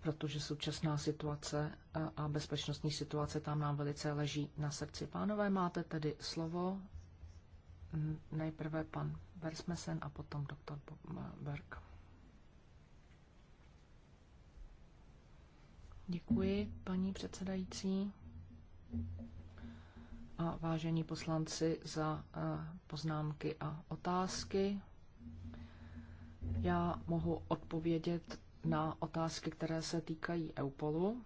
protože současná situace eh, a bezpečnostní situace tam nám velice leží na srdci. Pánové, máte tedy slovo. Nejprve pan Bersmesen a potom doktor Berg. Děkuji, paní předsedající a vážení poslanci za eh, poznámky a otázky. Já mohu odpovědět na otázky, které se týkají EUPOLu.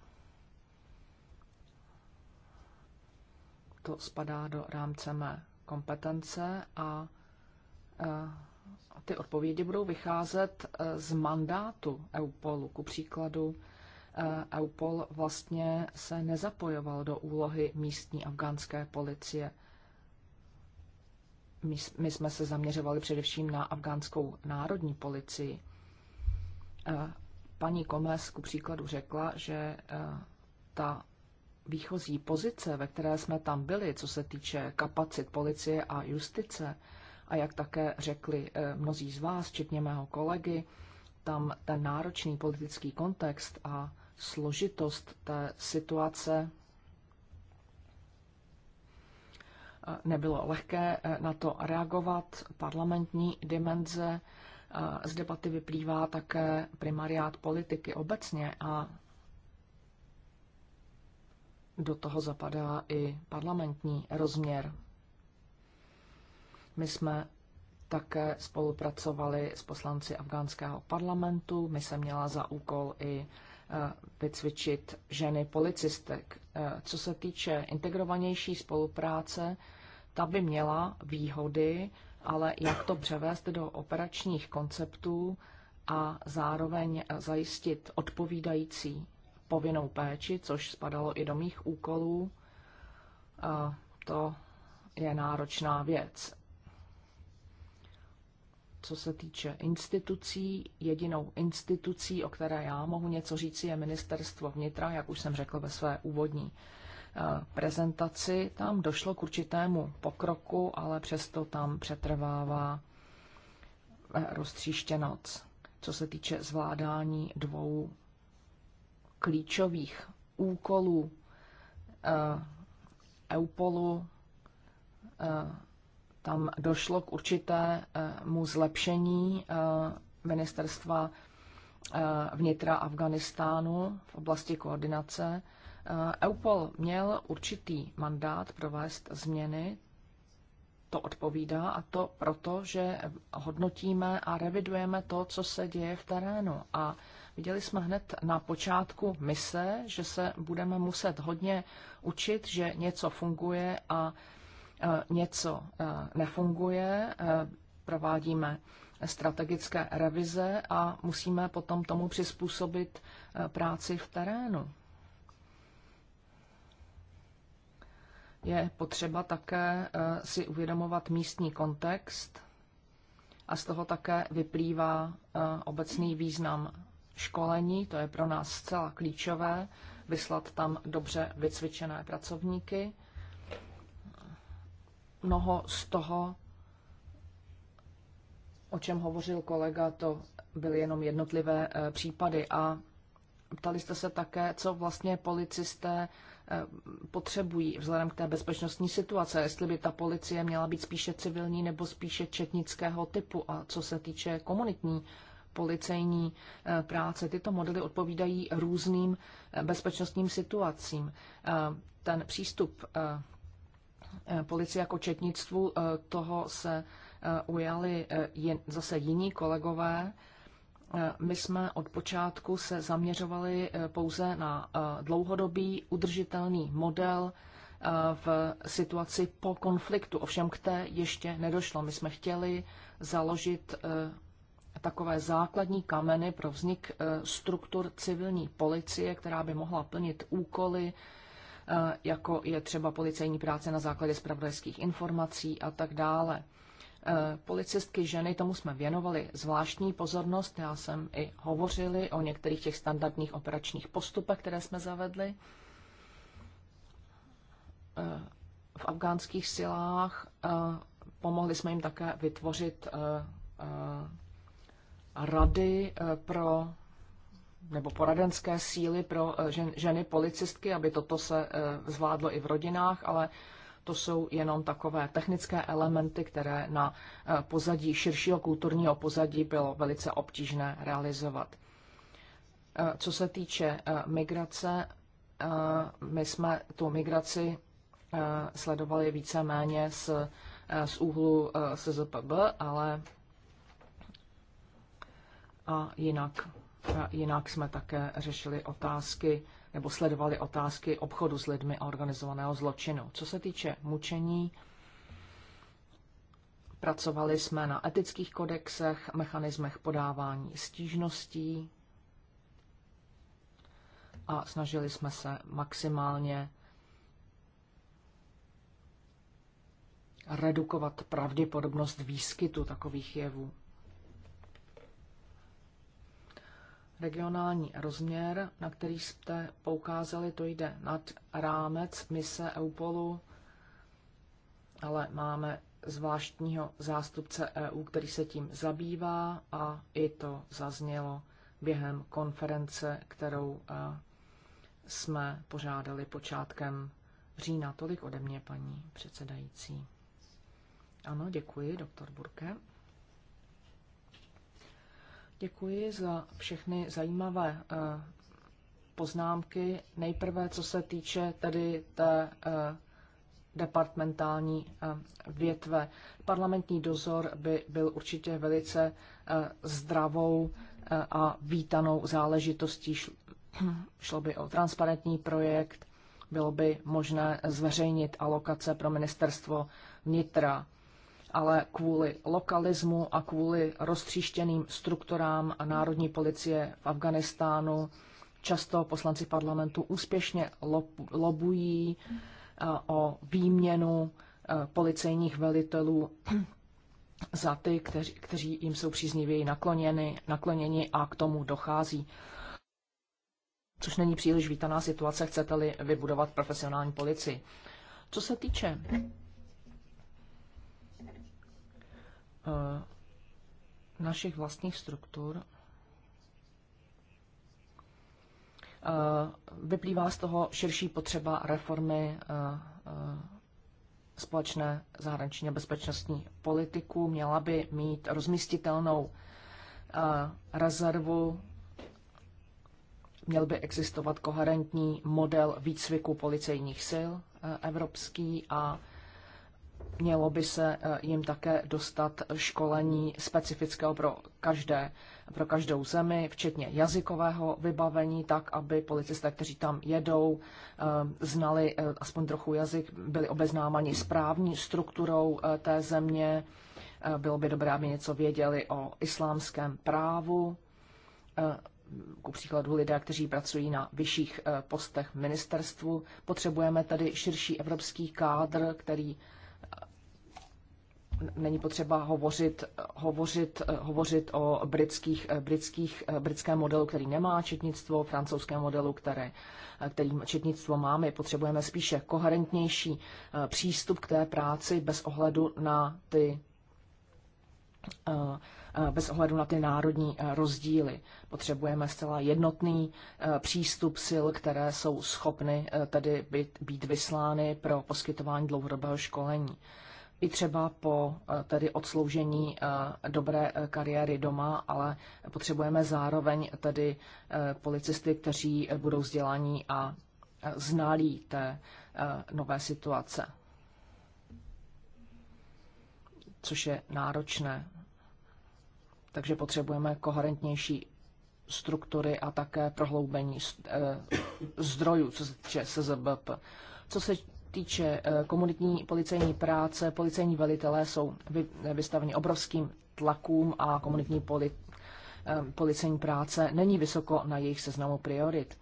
To spadá do rámce mé kompetence a e, ty odpovědi budou vycházet e, z mandátu EUPOLu. Ku příkladu, e, EUPOL vlastně se nezapojoval do úlohy místní afgánské policie – my, my jsme se zaměřovali především na afgánskou národní policii. E, paní Komes ku příkladu řekla, že e, ta výchozí pozice, ve které jsme tam byli, co se týče kapacit policie a justice, a jak také řekli e, mnozí z vás, včetně mého kolegy, tam ten náročný politický kontext a složitost té situace Nebylo lehké eh, na to reagovat. Parlamentní dimenze eh, z debaty vyplývá také primariát politiky obecně a do toho zapadá i parlamentní rozměr. My jsme také spolupracovali s poslanci afgánského parlamentu. My se měla za úkol i Eh, vycvičit ženy policistek. Eh, co se týče integrovanější spolupráce, ta by měla výhody, ale jak to převést do operačních konceptů a zároveň eh, zajistit odpovídající povinnou péči, což spadalo i do mých úkolů, to je náročná věc co se týče institucí, jedinou institucí, o které já mohu něco říct, je ministerstvo vnitra, jak už jsem řekl ve své úvodní eh, prezentaci. Tam došlo k určitému pokroku, ale přesto tam přetrvává eh, roztříštěnoc, co se týče zvládání dvou klíčových úkolů eh, EUPOLu, tam došlo k určitému zlepšení eh, ministerstva eh, vnitra Afganistánu v oblasti koordinace. Eh, EUPOL měl určitý mandát provést změny, to odpovídá a to proto, že hodnotíme a revidujeme to, co se děje v terénu. A viděli jsme hned na počátku mise, že se budeme muset hodně učit, že něco funguje a Eh, něco eh, nefunguje, eh, provádíme strategické revize a musíme potom tomu přizpůsobit práci v terénu. Je potřeba také si uvědomovat místní kontext a z toho také vyplývá obecný význam školení, to je pro nás zcela klíčové, vyslat tam dobře vycvičené pracovníky mnoho z toho, o čem hovořil kolega, to byly jenom jednotlivé eh, případy a ptali jste se také, co vlastně policisté eh, potřebují vzhledem k té bezpečnostní situace, jestli by ta policie měla být spíše civilní nebo spíše četnického typu a co se týče komunitní policejní eh, práce. Tyto modely odpovídají různým bezpečnostním situacím. Ten přístup Eh, policii jako četnictvu, eh, toho se eh, ujali zase jiní kolegové. My jsme od počátku se zaměřovali pouze na dlouhodobý udržitelný model v situaci po konfliktu. Ovšem k té ještě nedošlo. My jsme chtěli založit takové základní kameny pro vznik struktur civilní policie, která by mohla plnit úkoly Eh, jako je třeba policejní práce na základě spravodajských informací a tak dále. Eh, policistky ženy, tomu jsme věnovali zvláštní pozornost. Já jsem i hovořili o některých těch standardních operačních postupech, které jsme zavedli eh, v afgánských silách. Pomohli jsme jim také vytvořit rady pro nebo poradenské síly pro eh, žen, ženy policistky, aby toto se eh, zvládlo i v rodinách, ale to jsou jenom takové technické elementy, které na eh, pozadí širšího kulturního pozadí bylo velice obtížné realizovat. Co se týče migrace, my jsme tu migraci sledovali víceméně z, z úhlu SZPB, ale a jinak Jinak jsme také řešili otázky nebo sledovali otázky obchodu s lidmi a organizovaného zločinu. Co se týče mučení, pracovali jsme na etických kodexech, mechanismech podávání stížností a snažili jsme se maximálně redukovat pravděpodobnost výskytu takových jevů. regionální rozměr, na který jste poukázali, to jde nad rámec mise EUPOLu, ale máme zvláštního zástupce EU, který se tím zabývá a i to zaznělo během konference, kterou e, jsme pořádali počátkem října. Tolik ode mě, paní předsedající. Ano, děkuji, doktor Burke. Děkuji za všechny zajímavé eh, poznámky. Nejprve, co se týče tedy té eh, departmentální eh, větve. Parlamentní dozor by byl určitě velice zdravou a vítanou záležitostí. Šlo by o transparentní projekt, bylo by možné zveřejnit alokace pro ministerstvo vnitra ale kvůli lokalismu a kvůli roztříštěným strukturám a národní policie v Afganistánu často poslanci parlamentu úspěšně lobují eh, o výměnu eh, policejních velitelů za ty, kteří, kteří jim jsou příznivěji nakloněni, nakloněni a k tomu dochází. Což není příliš vítaná situace, chcete-li vybudovat profesionální policii. Co se týče Eh, našich vlastních struktur eh, vyplývá z toho širší potřeba reformy eh, společné zahraniční a bezpečnostní politiku. Měla by mít rozmístitelnou rezervu, měl by existovat koherentní model výcviku policejních sil evropský a mělo by se eh, jim také dostat školení specifického pro, každé, pro každou zemi, včetně jazykového vybavení, tak aby policisté, kteří tam jedou, eh, znali eh, aspoň trochu jazyk, byli obeznámani s právní strukturou té země. Bylo by dobré, aby něco věděli o islámském právu, ku příkladu lidé, kteří pracují na vyšších postech ministerstvu. Potřebujeme tedy širší evropský kádr, který není potřeba hovořit, hovořit, hovořit o britských, britských, britském modelu, který nemá četnictvo, francouzském modelu, které, kterým četnictvo máme. Potřebujeme spíše koherentnější eh, přístup k té práci bez ohledu na ty eh, eh, bez ohledu na ty národní rozdíly. Potřebujeme zcela jednotný přístup sil, které jsou schopny tedy být, být vyslány pro poskytování dlouhodobého školení i třeba po eh, tedy odsloužení eh, dobré eh, kariéry doma, ale potřebujeme zároveň tedy policisty, kteří budou vzdělaní a znalí té nové situace, což je náročné. Takže potřebujeme koherentnější struktury a také prohloubení zdrojů, co se týče SZBP. Co se týče eh, komunitní policejní práce, policejní velitelé jsou eh, vystaveni obrovským tlakům a komunitní poli, eh, policejní práce není vysoko na jejich seznamu priorit.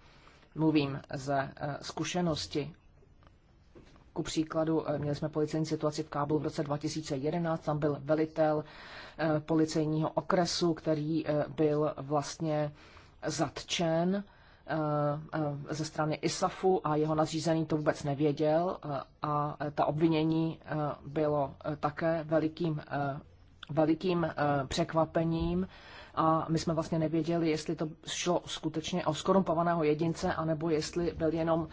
Mluvím ze zkušenosti. Ku příkladu, měli jsme policejní situaci v Kábulu v roce 2011, tam byl velitel policejního okresu, který byl vlastně zatčen Eh, ze strany ISAFu a jeho nadřízený to vůbec nevěděl eh, a ta obvinění eh, bylo také velikým, velikým překvapením a my jsme vlastně nevěděli, jestli to šlo skutečně o skorumpovaného jedince, anebo jestli byl jenom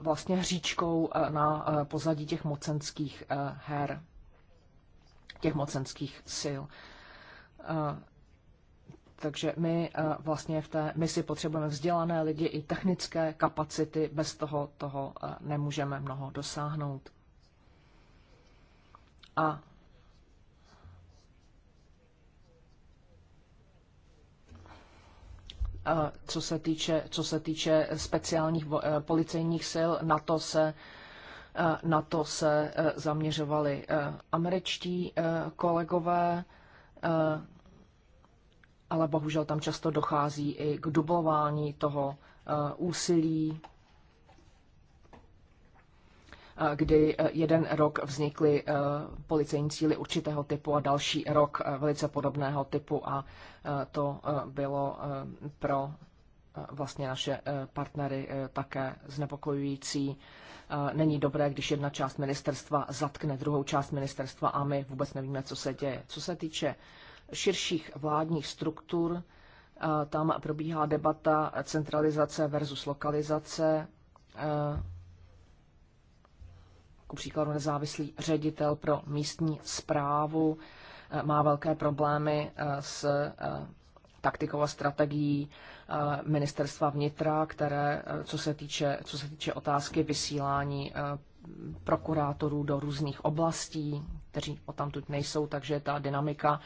vlastně hříčkou na pozadí těch mocenských her, těch mocenských sil. Takže my eh, vlastně v té misi potřebujeme vzdělané lidi i technické kapacity, bez toho toho eh, nemůžeme mnoho dosáhnout. A eh, co se týče, co se týče speciálních policejních sil, na to se na to se zaměřovali američtí kolegové, ale bohužel tam často dochází i k dublování toho eh, úsilí, eh, kdy eh, jeden rok vznikly policejní cíly určitého typu a další rok velice podobného typu a to bylo pro vlastně naše partnery také znepokojující. Není dobré, když jedna část ministerstva zatkne druhou část ministerstva a my vůbec nevíme, co se děje. Co se týče širších vládních struktur. Tam probíhá debata centralizace versus lokalizace. Ku příkladu nezávislý ředitel pro místní zprávu má velké problémy s taktikou a strategií ministerstva vnitra, které, co se týče, co se týče otázky vysílání prokurátorů do různých oblastí, kteří odtamtud nejsou, takže ta dynamika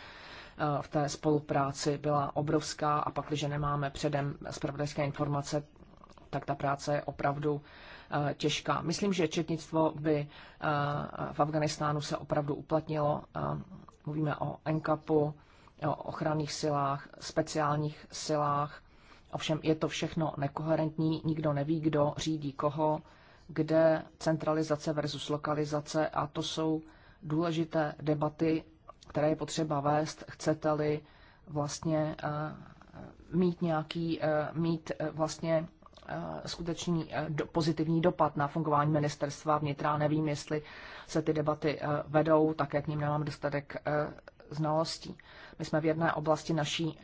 v té spolupráci byla obrovská a pak, když nemáme předem zpravodajské informace, tak ta práce je opravdu eh, těžká. Myslím, že četnictvo by eh, v Afganistánu se opravdu uplatnilo. Eh, mluvíme o NCAPu, o ochranných silách, speciálních silách. Ovšem je to všechno nekoherentní, nikdo neví, kdo řídí koho, kde centralizace versus lokalizace a to jsou důležité debaty, které je potřeba vést, chcete-li vlastně eh, mít nějaký, eh, mít eh, vlastně skutečný pozitivní dopad na fungování ministerstva vnitra. Nevím, jestli se ty debaty vedou, tak k ním nemám dostatek znalostí. My jsme v jedné oblasti naší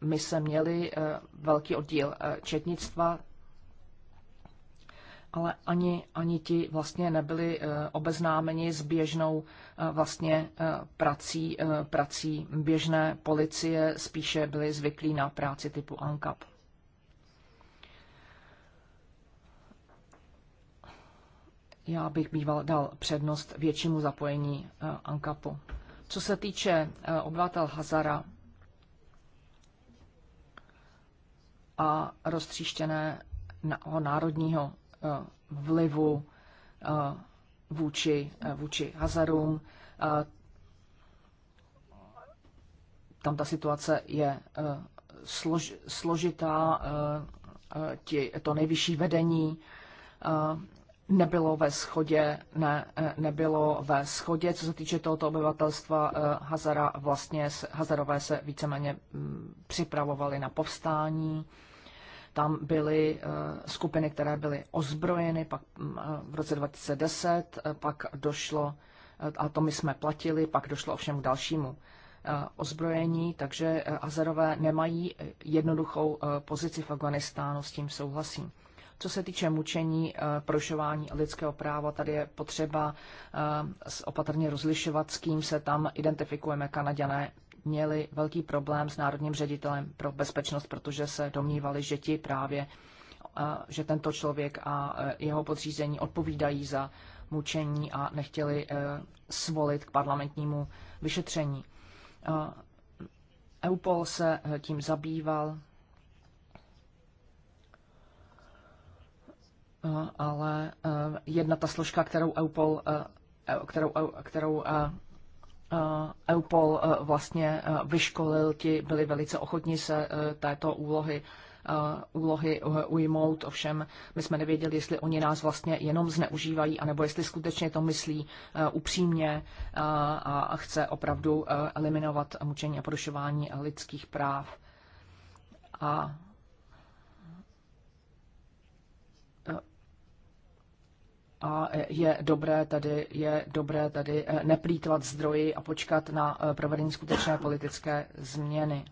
mise měli velký oddíl četnictva, ale ani, ani ti vlastně nebyli eh, obeznámeni s běžnou eh, vlastně eh, prací, prací běžné policie, spíše byli zvyklí na práci typu ANCAP. Já bych býval dal přednost většímu zapojení ANCAPu. Co se týče obyvatel Hazara a roztříštěného národního Eh, vlivu eh, vůči, eh, vůči hazardům. Tam ta situace je slož, složitá, ti, to nejvyšší vedení nebylo ve schodě, ne, nebylo ve schodě. Co se týče tohoto obyvatelstva, Hazara vlastně, Hazarové se víceméně mm, připravovali na povstání. Tam byly eh, skupiny, které byly ozbrojeny pak mm, eh, v roce 2010, eh, pak došlo, a to my jsme platili, pak došlo ovšem k dalšímu ozbrojení, takže Azerové nemají jednoduchou pozici v Afganistánu, s tím souhlasím. Co se týče mučení, prošování lidského práva, tady je potřeba opatrně rozlišovat, s kým se tam identifikujeme. Kanaděné měli velký problém s národním ředitelem pro bezpečnost, protože se domnívali, že ti právě, že tento člověk a e, jeho podřízení odpovídají za mučení a nechtěli e, svolit k parlamentnímu vyšetření. EUPOL se e, tím zabýval, ale jedna ta složka, kterou EUPOL, kterou, kterou Eh, EUPOL eh, vlastně eh, vyškolil, ti byli velice ochotní se této úlohy úlohy ujmout, ovšem my jsme nevěděli, jestli oni nás vlastně jenom zneužívají, anebo jestli skutečně to myslí upřímně a chce opravdu eliminovat mučení a porušování lidských práv. A a je dobré tady, je dobré tady eh, neplýtvat zdroji a počkat na eh, provedení skutečné politické změny.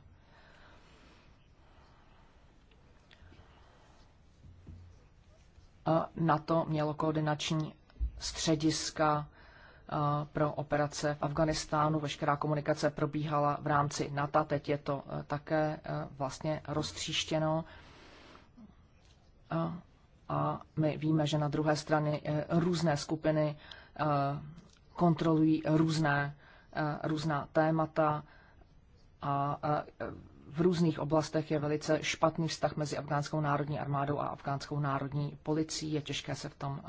Na to mělo koordinační střediska eh, pro operace v Afganistánu. Veškerá komunikace probíhala v rámci NATO, teď je to také vlastně roztříštěno a my víme, že na druhé straně eh, různé skupiny eh, kontrolují různé, eh, různá témata a v různých oblastech je velice špatný vztah mezi afgánskou národní armádou a afgánskou národní policií. Je těžké se v tom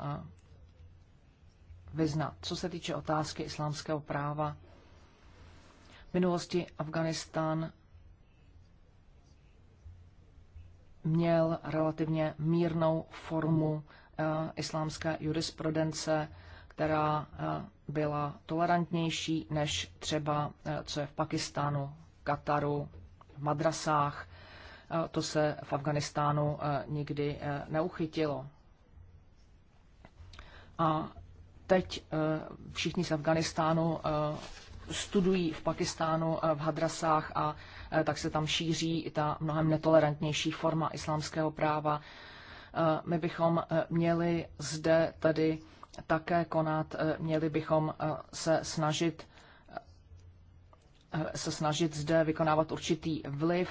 vyznat. Co se týče otázky islámského práva, v minulosti Afganistán měl relativně mírnou formu eh, islámské jurisprudence, která eh, byla tolerantnější než třeba, eh, co je v Pakistánu, Kataru, v madrasách. To se v Afganistánu nikdy neuchytilo. A teď všichni z Afganistánu studují v Pakistánu, v Hadrasách a Eh, tak se tam šíří i ta mnohem netolerantnější forma islámského práva. Eh, my bychom eh, měli zde tedy také konat, měli bychom se snažit se snažit zde vykonávat určitý vliv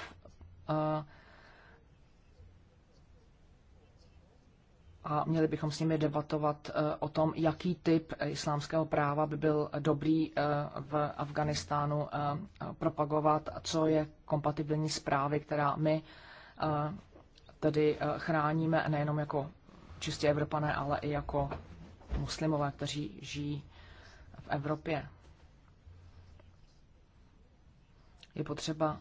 a měli bychom s nimi debatovat eh, o tom, jaký typ islámského práva by byl dobrý eh, v Afganistánu eh, propagovat, co je kompatibilní s právy, která my tedy chráníme nejenom jako čistě Evropané, ale i jako muslimové, kteří žijí v Evropě. Je potřeba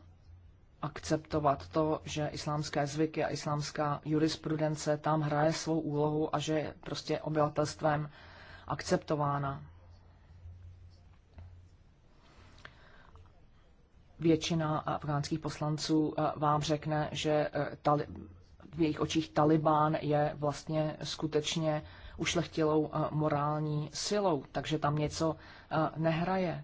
akceptovat to, že islámské zvyky a islámská jurisprudence tam hraje svou úlohu a že je prostě obyvatelstvem akceptována. Většina afgánských poslanců eh, vám řekne, že eh, v jejich očích Talibán je vlastně skutečně ušlechtilou eh, morální silou, takže tam něco nehraje.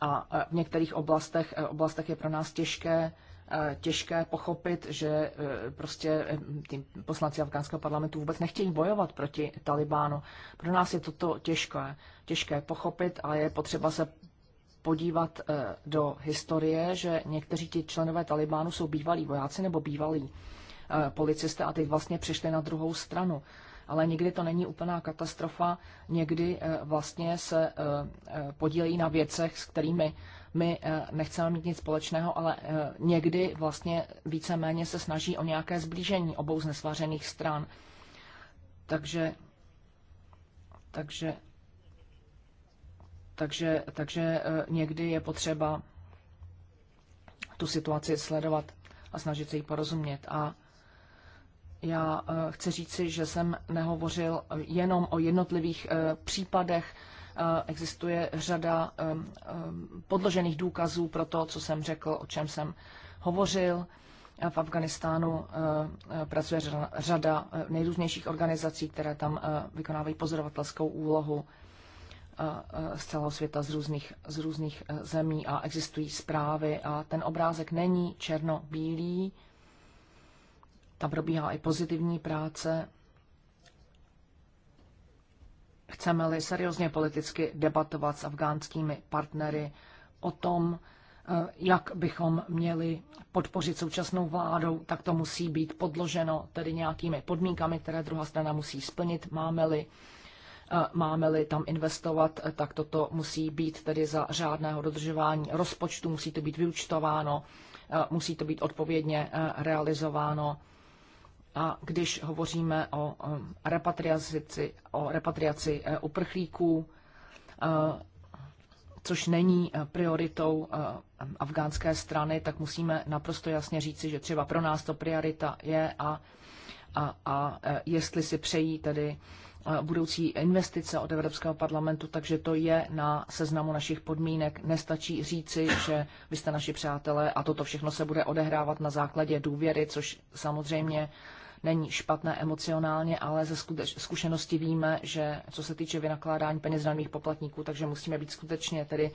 A e, v některých oblastech, e, oblastech je pro nás těžké, e, těžké pochopit, že prostě tím poslanci afgánského parlamentu vůbec nechtějí bojovat proti Talibánu. Pro nás je toto těžké, těžké pochopit a je potřeba se podívat do historie, že někteří ti členové Talibánu jsou bývalí vojáci nebo bývalí policisté a teď vlastně přišli na druhou stranu ale nikdy to není úplná katastrofa. Někdy eh, vlastně se eh, eh, podílejí na věcech, s kterými my nechceme mít nic společného, ale někdy vlastně víceméně se snaží o nějaké zblížení obou znesvařených stran. Takže, takže, takže, takže někdy je potřeba tu situaci sledovat a snažit se jí porozumět. A já eh, chci říci, že jsem nehovořil jenom o jednotlivých eh, případech. Eh, existuje řada podložených důkazů pro to, co jsem řekl, o čem jsem hovořil. V Afganistánu pracuje řada nejrůznějších organizací, které tam vykonávají pozorovatelskou úlohu z celého světa, z různých, z různých zemí a existují zprávy a ten obrázek není černo-bílý, tam probíhá i pozitivní práce. Chceme-li seriózně politicky debatovat s afgánskými partnery o tom, eh, jak bychom měli podpořit současnou vládou, tak to musí být podloženo tedy nějakými podmínkami, které druhá strana musí splnit. Máme-li eh, máme-li tam investovat, eh, tak toto musí být tedy za řádného dodržování rozpočtu, musí to být vyučtováno, musí to být odpovědně realizováno a když hovoříme o repatriaci, o repatriaci eh, uprchlíků, eh, což není eh, prioritou afgánské strany, tak musíme naprosto jasně říci, že třeba pro nás to priorita je a, a, a jestli si přejí tedy budoucí investice od Evropského parlamentu, takže to je na seznamu našich podmínek. Nestačí říci, že vy jste naši přátelé a toto všechno se bude odehrávat na základě důvěry, což samozřejmě není špatné emocionálně, ale ze zkušenosti víme, že co se týče vynakládání peněz daných poplatníků, takže musíme být skutečně tedy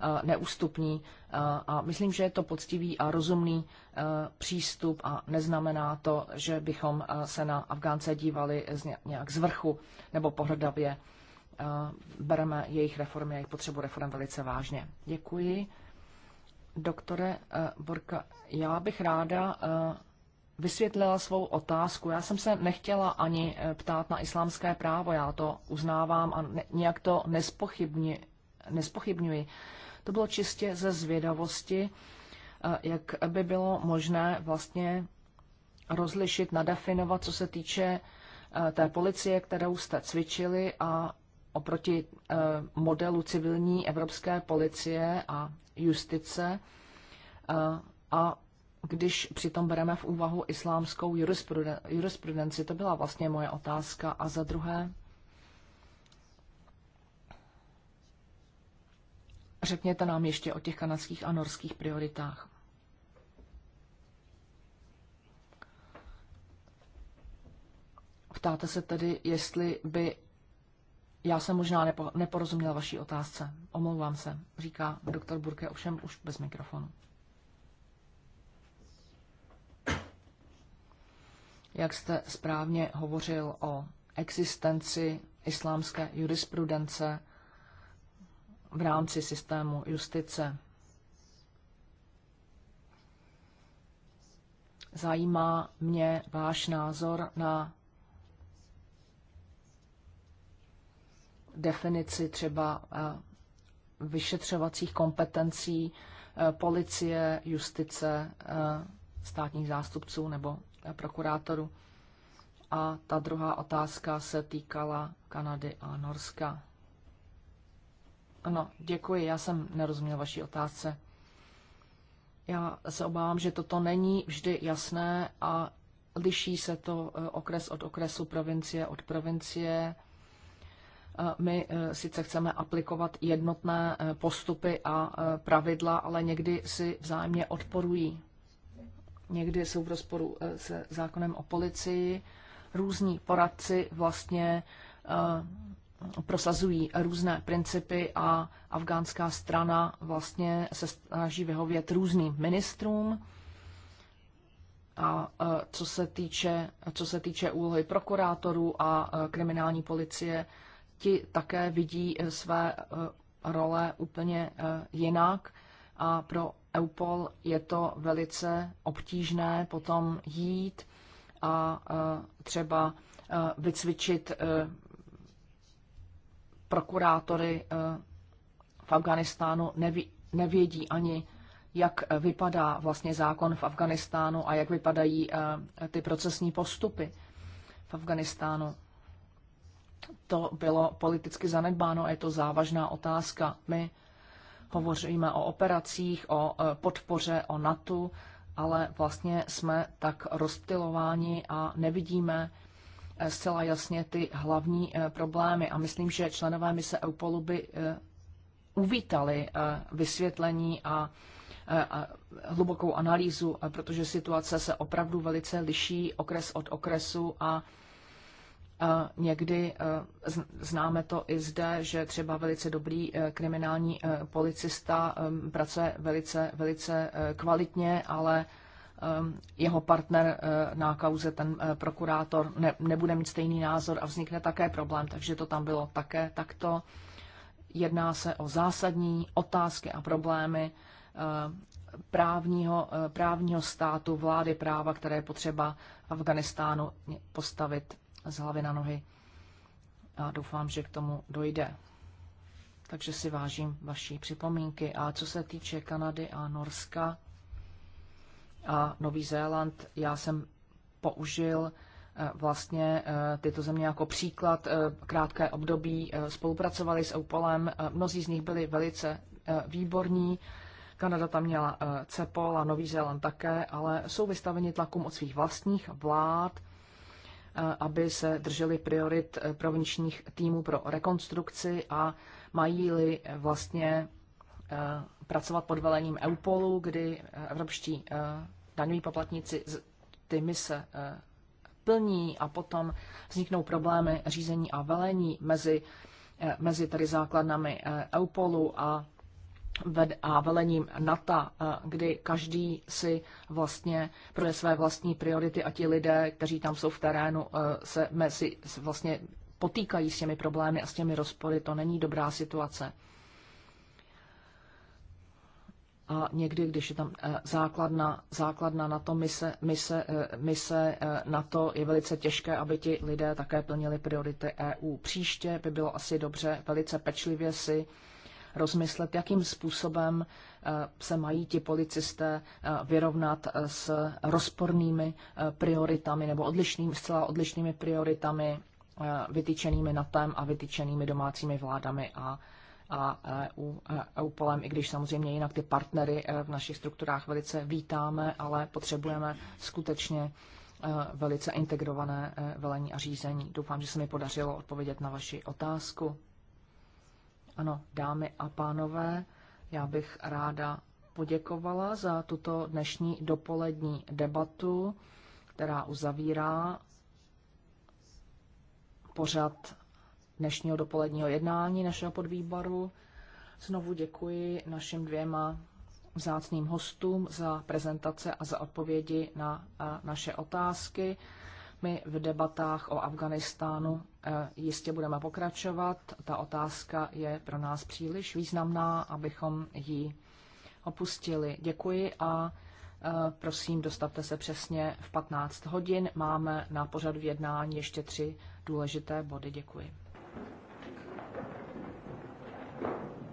eh, neústupní eh, a myslím, že je to poctivý a rozumný eh, přístup a neznamená to, že bychom se na Afgánce dívali nějak z vrchu nebo pohrdavě. Bereme jejich reformy, jejich potřebu reform velice vážně. Děkuji. Doktore Borka, já bych ráda vysvětlila svou otázku. Já jsem se nechtěla ani eh, ptát na islámské právo, já to uznávám a ne, nějak to nespochybni, nespochybňuji. To bylo čistě ze zvědavosti, eh, jak by bylo možné vlastně rozlišit, nadefinovat, co se týče eh, té policie, kterou jste cvičili a oproti modelu civilní evropské policie a justice a když přitom bereme v úvahu islámskou jurisprudenci? To byla vlastně moje otázka. A za druhé, řekněte nám ještě o těch kanadských a norských prioritách. Ptáte se tedy, jestli by. Já jsem možná nepo, neporozuměl vaší otázce. Omlouvám se, říká doktor Burke, ovšem už bez mikrofonu. jak jste správně hovořil o existenci islámské jurisprudence v rámci systému justice. Zajímá mě váš názor na definici třeba eh, vyšetřovacích kompetencí eh, policie, justice, eh, státních zástupců nebo prokurátorů. A ta druhá otázka se týkala Kanady a Norska. Ano, děkuji, já jsem nerozuměl vaší otázce. Já se obávám, že toto není vždy jasné a liší se to eh, okres od okresu, provincie od provincie. Eh, my eh, sice chceme aplikovat jednotné postupy a pravidla, ale někdy si vzájemně odporují někdy jsou v rozporu eh, se zákonem o policii. Různí poradci vlastně eh, prosazují různé principy a afgánská strana vlastně se snaží vyhovět různým ministrům. A eh, co se týče, co se týče úlohy prokurátorů a kriminální policie, ti také vidí své role úplně jinak a pro EUPOL je to velice obtížné potom jít a třeba vycvičit e, prokurátory e, v Afganistánu neví, nevědí ani, jak vypadá vlastně zákon v Afganistánu a jak vypadají e, ty procesní postupy v Afganistánu. To bylo politicky zanedbáno a je to závažná otázka. My Hovoříme o operacích, o e, podpoře, o NATO, ale vlastně jsme tak rozptilováni a nevidíme e, zcela jasně ty hlavní e, problémy. A myslím, že členové mise EUPOLu by uvítali vysvětlení a hlubokou analýzu, protože situace se opravdu velice liší okres od okresu a Někdy e, známe to i zde, že třeba velice dobrý e, kriminální e, policista pracuje velice, velice kvalitně, ale jeho partner na kauze, ten prokurátor, ne, nebude mít stejný názor a vznikne také problém, takže to tam bylo také takto. Jedná se o zásadní otázky a problémy právního, právního státu, vlády práva, které je potřeba Afganistánu postavit z hlavy na nohy a doufám, že k tomu dojde. Takže si vážím vaší připomínky. A co se týče Kanady a Norska a Nový Zéland, já jsem použil eh, vlastně eh, tyto země jako příklad eh, krátké období spolupracovali s Opelem. Mnozí z nich byli velice výborní. Kanada tam měla CEPOL a Nový Zéland také, ale jsou vystaveni tlakům od svých vlastních vlád, Eh, aby se drželi priorit eh, provinčních týmů pro rekonstrukci a mají-li eh, vlastně pracovat pod velením EUPOLu, kdy evropští daňoví poplatníci ty mise plní a potom vzniknou problémy řízení a velení mezi, mezi tedy základnami EUPOLu a a velením NATO, eh, kdy každý si vlastně pro své vlastní priority a ti lidé, kteří tam jsou v terénu, eh, se mezi vlastně potýkají s těmi problémy a s těmi rozpory. To není dobrá situace. A někdy, když je tam eh, základna, základna na to mise, mise, mise na to, je velice těžké, aby ti lidé také plnili priority EU. Příště by bylo asi dobře velice pečlivě si rozmyslet, jakým způsobem eh, se mají ti policisté eh, vyrovnat eh, s rozpornými prioritami nebo odlišnými, zcela odlišnými prioritami vytyčenými NATEM a vytyčenými domácími vládami a a EU, EUPOLem, i když samozřejmě jinak ty partnery v našich strukturách velice vítáme, ale potřebujeme skutečně velice integrované velení a řízení. Doufám, že se mi podařilo odpovědět na vaši otázku. Ano, dámy a pánové, já bych ráda poděkovala za tuto dnešní dopolední debatu, která uzavírá pořad dnešního dopoledního jednání našeho podvýboru. Znovu děkuji našim dvěma vzácným hostům za prezentace a za odpovědi na naše otázky. My v debatách o Afganistánu eh, jistě budeme pokračovat. Ta otázka je pro nás příliš významná, abychom ji opustili. Děkuji a eh, prosím, dostavte se přesně v 15 hodin. Máme na pořadu jednání ještě tři důležité body. Děkuji.